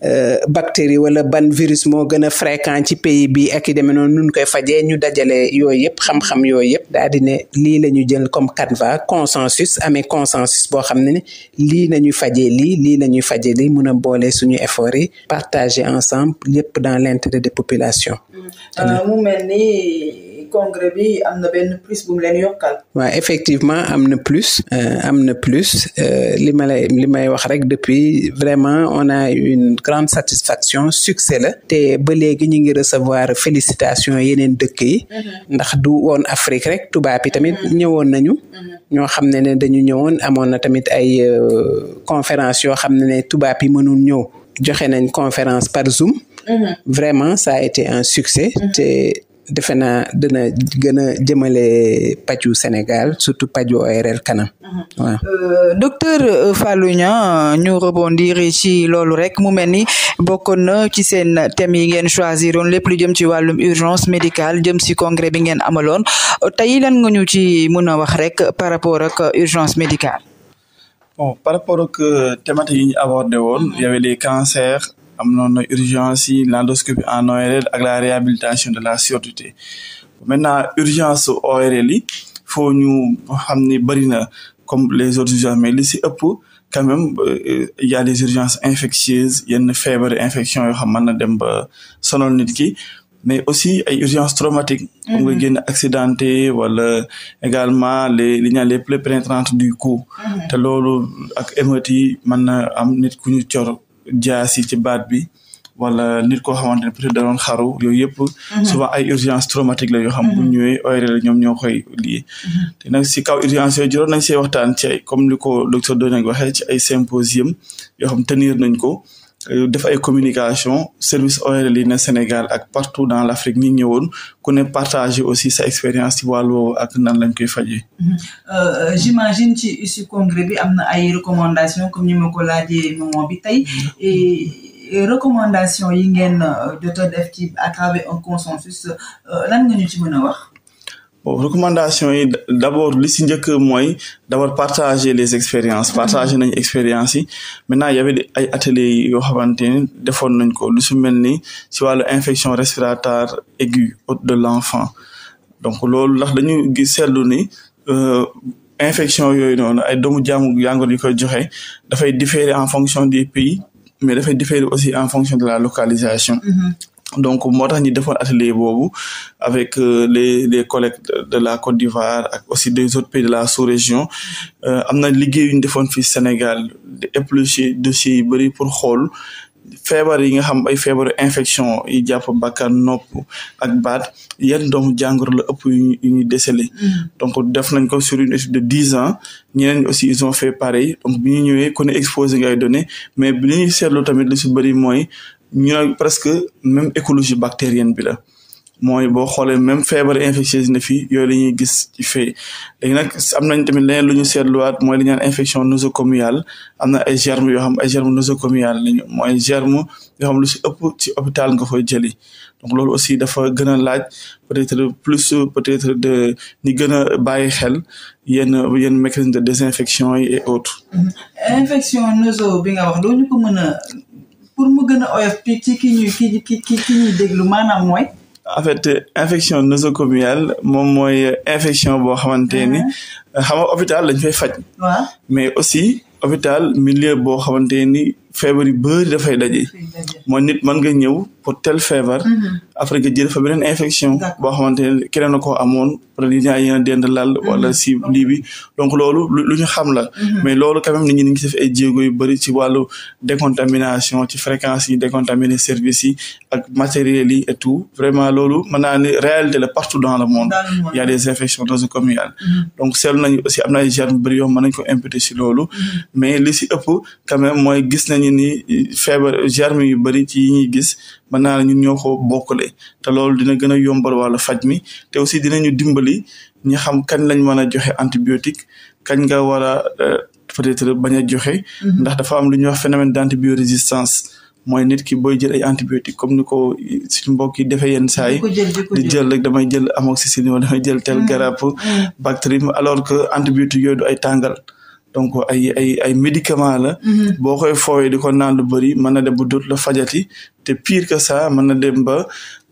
S3: Euh, bactérie wala ban virus moo gën a fréquent ci pays bi ak i demee noonu nun koy fajee ñu dajale yooyu yëpp xam-xam yooyu yëpp daal di ne lii la ñu jël comme canevas consensus amee consensus boo xam ne ne lii la ñuy fajee lii lii la ñuy fajee lii mun a boole suñu effort yi partager ensemble yëpp dans l'intérêt des populations. Mm. Euh,
S1: mu mel ni congrès bi am na benn plus bu leen yokkal.
S3: waaw effectivement am na plus euh, am na plus li ma lay li may wax rek depuis vraiment on a une grande satisfaction succès la te ba léegi ñu ngi recevoir félicitations yeneen dëkk yi mm-hmm. ndax du woon Afrique rek tubaab yi tamit mm-hmm. ñëwoon nañu mm-hmm. ñoo xam ne ne dañu ñëwoon amoon na tamit ay euh, conférence yoo xam ne ne tubaab yi mënul ñëw joxe nañ conférence par Zoom vraiment ça été un succès defe naa dina gën a jëmale paju Sénégal surtout paju ORL kanam. Mhm. waaw
S1: euh, docteur euh, Fallou Niang euh, ñu rebondir ci loolu rek mu mel ni bokkoon na ci seen thème yi ngeen choisiroon lépp lu jëm ci wàllum urgence médicale jëm si congrès bi ngeen amaloon tey lan nga ñu ci mën a wax rek par rapport ak urgence médicale.
S2: bon par rapport ak thématique yi ñu abordé woon cancers. am noon urgence yi l'endoscopie en ORL ak la réhabilitation de la surdité maintenant urgence ORL yi foo ñu xam ni bëri na comme les autres urgences mais li si ëpp quand même il euh, des urgences infectieuses yenn feebar infection yoo xam mën na dem ba sonal nit ki mais aussi ay urgences traumatiques comme mm-hmm. nga génn accidenté wala également les li ñaan les plaies pénétrantes du cou mm-hmm. te loolu ak émeutes yi mën na am nit ku ñu cor jaas yi ci baat bi wala nit koo xamante ne peut-être da xaru yooyu yëpp mhm. souvent ay urgence traumatique la yoo xam bu mhm. ñëwee ORL la ñoom ñoo lii mhm. te nag si kaw urgence yooyu juróom nañ see waxtaan ci ay comme ni ko docteur Doniang ay symposium yoo xam tenir nañ ko Euh, def ay communication service ORL yi ne Sénégal ak partout dans l'Afrique ñi ñëwoon ku ne partager aussi sa expérience ci wàll woowu ak nan lañ koy fajee. Mhm.
S1: Euh, euh, j'imagine ci issue congrès bi am na ay recommandations comme ni ma ko laajee moment bi tey mhm. et yi ngeen jot def ci à travers un consensus lan nga ci mën a wax.
S2: bon recommandation yi d'abord li si njëkk mooy d'abord partager les expériences partager nañ expérience yi maintenant y avait ay ateliers yoo xamante ni defoon nañ ko lu si mel ni si wàllu infection respiratoire aiguë de l'enfant donc loolu ndax dañu gi seetlu ni euh, infection yooyu noonu ay doomu jaamu jàngoro yi koy joxe dafay différer en fonction des pays mais dafay différer aussi en fonction de la localisation mm-hmm. donc moo tax ñu defoon atelier boobu avec euh, les les collègues de la Côte d'Ivoire ak aussi des autres pays de la sous-région euh, am na liggéey yu ñu defoon fii Sénégal di éplucher dossiers yu bëri pour xool feebar yi nga xam ay feebaru infection yi jàpp bakka nopp ak baat yan doomu jàngoro la ëpp yu ñuy décelé mm. donc def nañ ko sur une étude de dix ans aussi ils ont fait pareil ñëwee ku ne exposé ngay données mais bi li tamit li si bëri mooy ñooy presque même écologie bactérienne bi mooy boo xoole même feebar infectieuse ne fii yooyu la ñuy gis ci fee nag am nañ tamit leneen lu ñu seetluwaat mooy li ñaan infection nosocomiale am na ay germes yoo xam ay germes nosocomiale lañu mooy germe yoo xam lu si ëpp ci hôpital nga koy jëli donc loolu aussi dafa gën a laaj peut-être plus peut-être de ni gën a bàyyi xel yenn yenn mécanisme de désinfection yi et autres.
S1: Mm-hmm. infection noso bi nga wax doo ñu ko mën a pour mu gën oyof ci ki ñuy ki ki ki ñuy déglu maanaam mooy.
S2: en fait infection nosocomiale moom mooy infection boo xamante ni ah. xam nga hôpital lañ fay faj. mais aussi hôpital milieu boo xamante feebar yu bëri dafay daje mooy nit mën nga ñëw pour tel feebar mhm. après nga jël fa beneen infection boo a dend lal mhm. wala si lu ñu xam la mhm. mais loolu quand même nit ñi ni ngi def ay jéego yu bëri ci wàllu décontamination ci fréquence yi décontaminer service yi ak matériel yi et tout vraiment loolu mën naa ne réalité la partout dans la monde il y a des infections nosocomiales donc seetlu nañu aussi am na ay germes bëri yoo mën nañ ko imputer si loolu mais li ëpp quand mooy gis nañ nañu feebar germe yu bëri ci yi ñuy gis mën naa ñu ñoo ko bokkale te loolu dina gën a yombal wala faj mi te aussi dinañu dimbali ñu xam kañ lañ mën a joxe antibiotique kañ nga war a euh, peut-être bañ a joxe. Mhm. ndax dafa am lu ñuy wax phénomène d'antibiorésistance. mooy nit ki booy jël ay antibiotique comme ni ko suñu mbokk yi defee yenn saa di jël rek damay jël amoxicilline wala damay jël tel mhm. garab mhm. bactérie alors que antibiotique yooyu du ay tàngal donc ay ay ay médicament la. Mhm. boo koy foowee di ko naan lu bëri mën na dem bu dootul la fajati te pire que sa mën na dem ba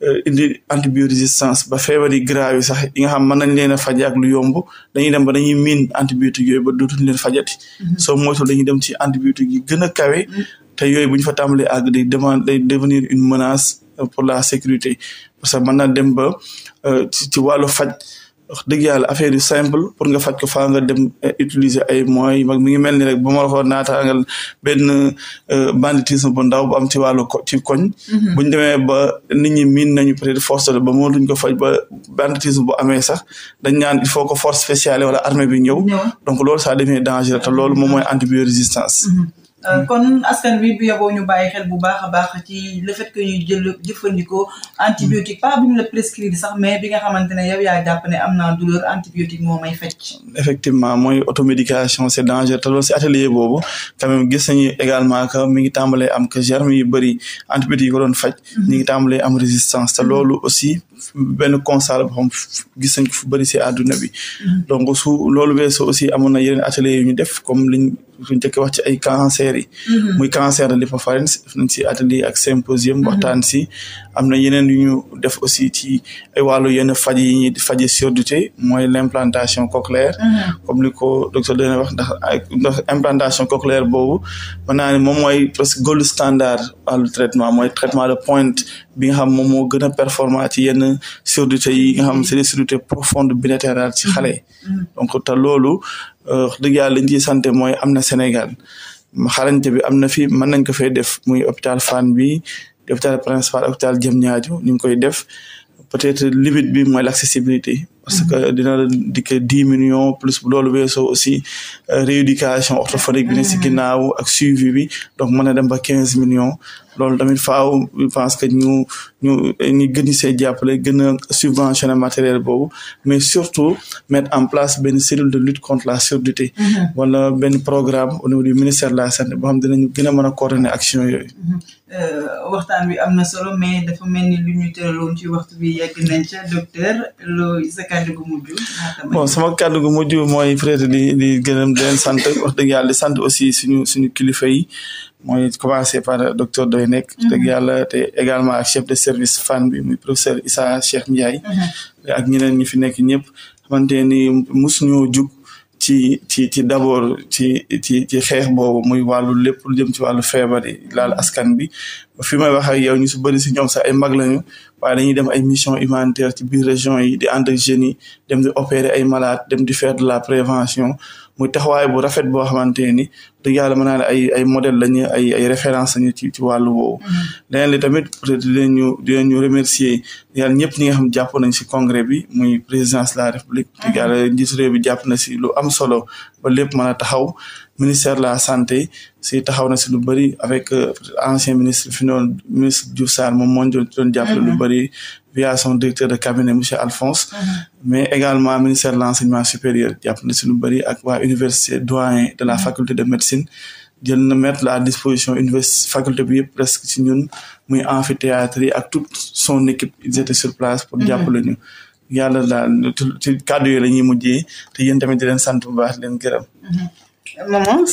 S2: euh, indi antibiorésistance ba feebar yi grave yi sax yi nga xam mën nañ leen a faje ak yomb dañuy dem ba dañuy miin antibiotique yooyu ba dootuñ leen fajati. Mhm. soo moytuwul dañuy dem ci antibiotique yi gën a kawe. Mhm. te yooyu bu ñu fa tàmbalee àgg day demande day devenir une menace euh, pour la sécurité parce que mën na dem ba euh, ci wàllu faj. wax dëgg yàlla affaire yu simple pour nga faj ko faa dem eh, utiliser ay moyens yu mag mi ngi mel ni rek bu ma la ko naataangal benn eh, banditisme bu ndaw bu am ci wàllu ci koñ mm-hmm. bu ñu demee ba nit ñi miin nañu peut-être force ba mënatuñ ko faj ba banditisme bu amee sax dañ naan il faut que force spéciale wala armée bi ñëw donc loolu ça devient dangereux te loolu moom mooy antibio résistance mm-hmm.
S1: Euh, kon askan bi bu yoboo ñu bàyyi xel bu baax a baax ci le fait que ñuy jël jëfandikoo antibiotique pas bu ñu la prescrire sax mais bi nga xamante ne ya yaa jàpp ne am naa douleur antibiotique moo may fecc
S2: effectivement mooy automédication c'est dangereux te loolu si atelier boobu quand même gis nañu également que mi ngi tàmbalee am que germe yu bëri antibiotique yi ko doon faj ñi mhm. ngi tàmbalee am résistance te mhm. loolu aussi benn constat la boo xam gis bi. Mm-hmm. donc su loolu weesoo aussi amoon na yeneen ateliers yu ñu def comme liñ suñ njëkk wax ci ay cancer yi. Mm-hmm. muy cancer de l'hypopharynx def nañ si atelier ak symposium mm-hmm. waxtaan si am na yeneen yu ñu def aussi ci ay wàllu yenn faj yi ñuy faje surdité mooy l'implantation cochléaire comme li ko docteur Dene wax ndax ndax implantation cochléaire boobu mën naa ne moom mooy presque gold standard wàllu traitement mooy traitement de pointe bi xam moom moo gën a performant ci yenn yenn surdité yi nga xam c'est des surdité profonde bilatérale ci xale donc te loolu euh, wax dëgg yàlla liñ ciy santé mooy am na Sénégal xarañte bi am na fi mën nañ ko fay def muy hôpital Fann bi hôpital principal hôpital Diamniadio ñu ngi koy def peut-être limite bi mooy l'accessibilité parce que mhm. dina la dikkee dix millions plus bu loolu weesoo aussi euh, rééducation orthophonique bi ne si mhm. ginnaaw ak suivi bi donc mën na ba quinze millions loolu tamit faaw je que ñu ñu ñu see jàppale gën a subventionner matériel boobu mais surtout mettre en place benn cellule de lutte contre la surdité. Mhm. wala benn programme au niveau du ministère la santé boo xam dinañu gën a a coordonner action yooyu.
S1: Euh, waxtaan bi am na solo mais dafa mel ni lu ñu tëraloon ci kàddu gu mujj.
S2: bon sama kàddu gu mujj mooy peut-être di di gërëm sant wax dëgg yàlla sant aussi suñu suñu kilifa yi. mooy commencé par docteur Doy nekk dëgg mhm. yàlla te également ak chef de service fan bi muy professeur Issa Cheikh Ndiaye. Mhm. ak ñeneen ñi fi nekk ñëpp xamante ni mosuñoo jug. ci ci ci d'abord ci ci ci xeex boobu muy wàllu lépp lu jëm ci wàllu feebar yi laal askan bi fi may wax ak yow ñu su bëri si ñoom sax ay mag lañu waaye dañuy dem ay mission humanitaire ci biir région yi di ànd ak dem di opérer ay malades dem di faire de la prévention muy taxawaay bu rafet boo xamante ni dëgg yàlla mën naa ne ay ay modèle lañu ay ay référence lañu ci ci wàllu woowu mm-hmm. leneen li tamit peut être dinañu dinañu remercier yàlla ñëpp ñi nga xam jàpp nañ si congrès bi muy présidence de la république mm-hmm. dëgg yàlla njiitu réew bi jàpp na si lu am solo ba lépp mën a taxaw ministère de la santé si taxaw na si lu bëri avec euh, ancien ministre fi noonu ministre Diouf Sarr moom moo ñu doon lu mhm. bëri via son directeur de cabinet monsieur Alphonse mhm. mais également ministère de l'enseignement supérieur jàpp na si lu bëri ak waa université doyen de la mhm. faculté de médecine jël na mettre la disposition université faculté bi yëpp presque si ñun muy amphithéâtre yi ak toute son équipe ils étaient sur place pour jàppale ñu yàlla daal ci kàddu yi la ñuy mujjee te yéen tamit di leen sant bu baax di leen
S1: maman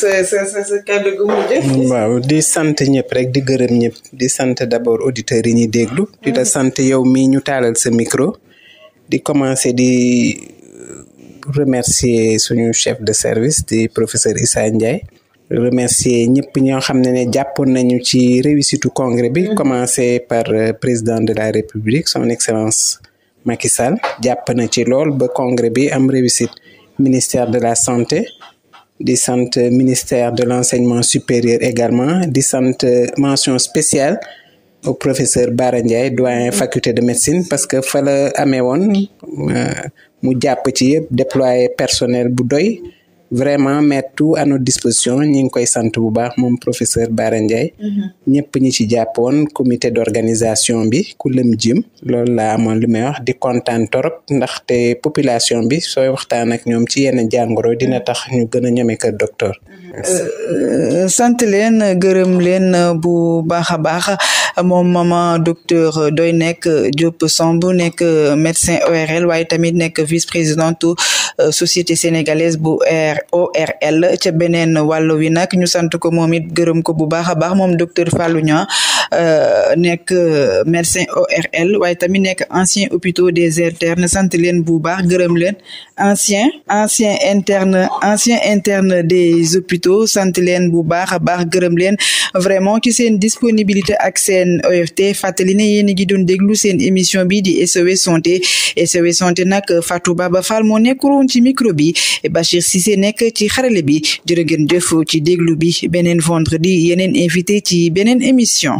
S3: mm, waaw di sant ñëpp rek di gërëm ñëpp di sant d' abord auditeurs yi ñuy déglu. di la mm. sant yow mii ñu taalal sa micro. di commencer di euh, remercier suñu chef de service di professeur Issa Ndiaye. remercier ñëpp ñoo xam ne ne jàppoon nañu ci réussite congrès bi. Mm. commencé par euh, président de la république son excellence Macky Sall. jàpp na ci lool ba congrès bi am réussite. ministère de la santé. di sant ministère de l'enseignement supérieur également di sant euh, mention spéciale au professeur Bara Ndiaye doyen faculté de médecine parce que fa la amee woon euh, mu jàpp ci yëpp déployer personnel bu doy vraiment mettre tout à disposition ñi ngi koy sant bu baax moom professeur Bara Ndiaye mhm. ñëpp ñi ci jàppoon comité d'organisation bi ku lëm jiim loolu laa amoon li may wax di kontaan ndax te population bi sooy waxtaan ak ñoom ci yenn jàngoro dina tax ñu gën a ñeme kër docteur
S1: euh, euh, sant leen gërëm leen bu baax a baax moom mama docteur Doy nekk Diop Samb nekk médecin ORL waaye tamit nekk vice-présidente euh, société sénégalaise bu ORL ca beneen wàll wi nag ñu sant ko moom it gërëm ko bu baax a baax moom docteur falu Niang euh, nekk euh, médecin ORL waaye tamit nekk ancien hôpitaux des internes sant leen bu baax gërëm leen ancien ancien interne ancien interne des hôpitaux sant leen bu baax a baax gërëm leen vraiment ci seen disponibilité ak seen ORT fàttali ne yéen a ngi doon déglu seen émission bi di SOS santé SOS santé nag Fatou Baba Fall moo nekkoon ci micro bi Bachir Cissé nekk ci xarale bi jërë ngeen ci déglu bi beneen vendredi yeneen invité ci beneen émission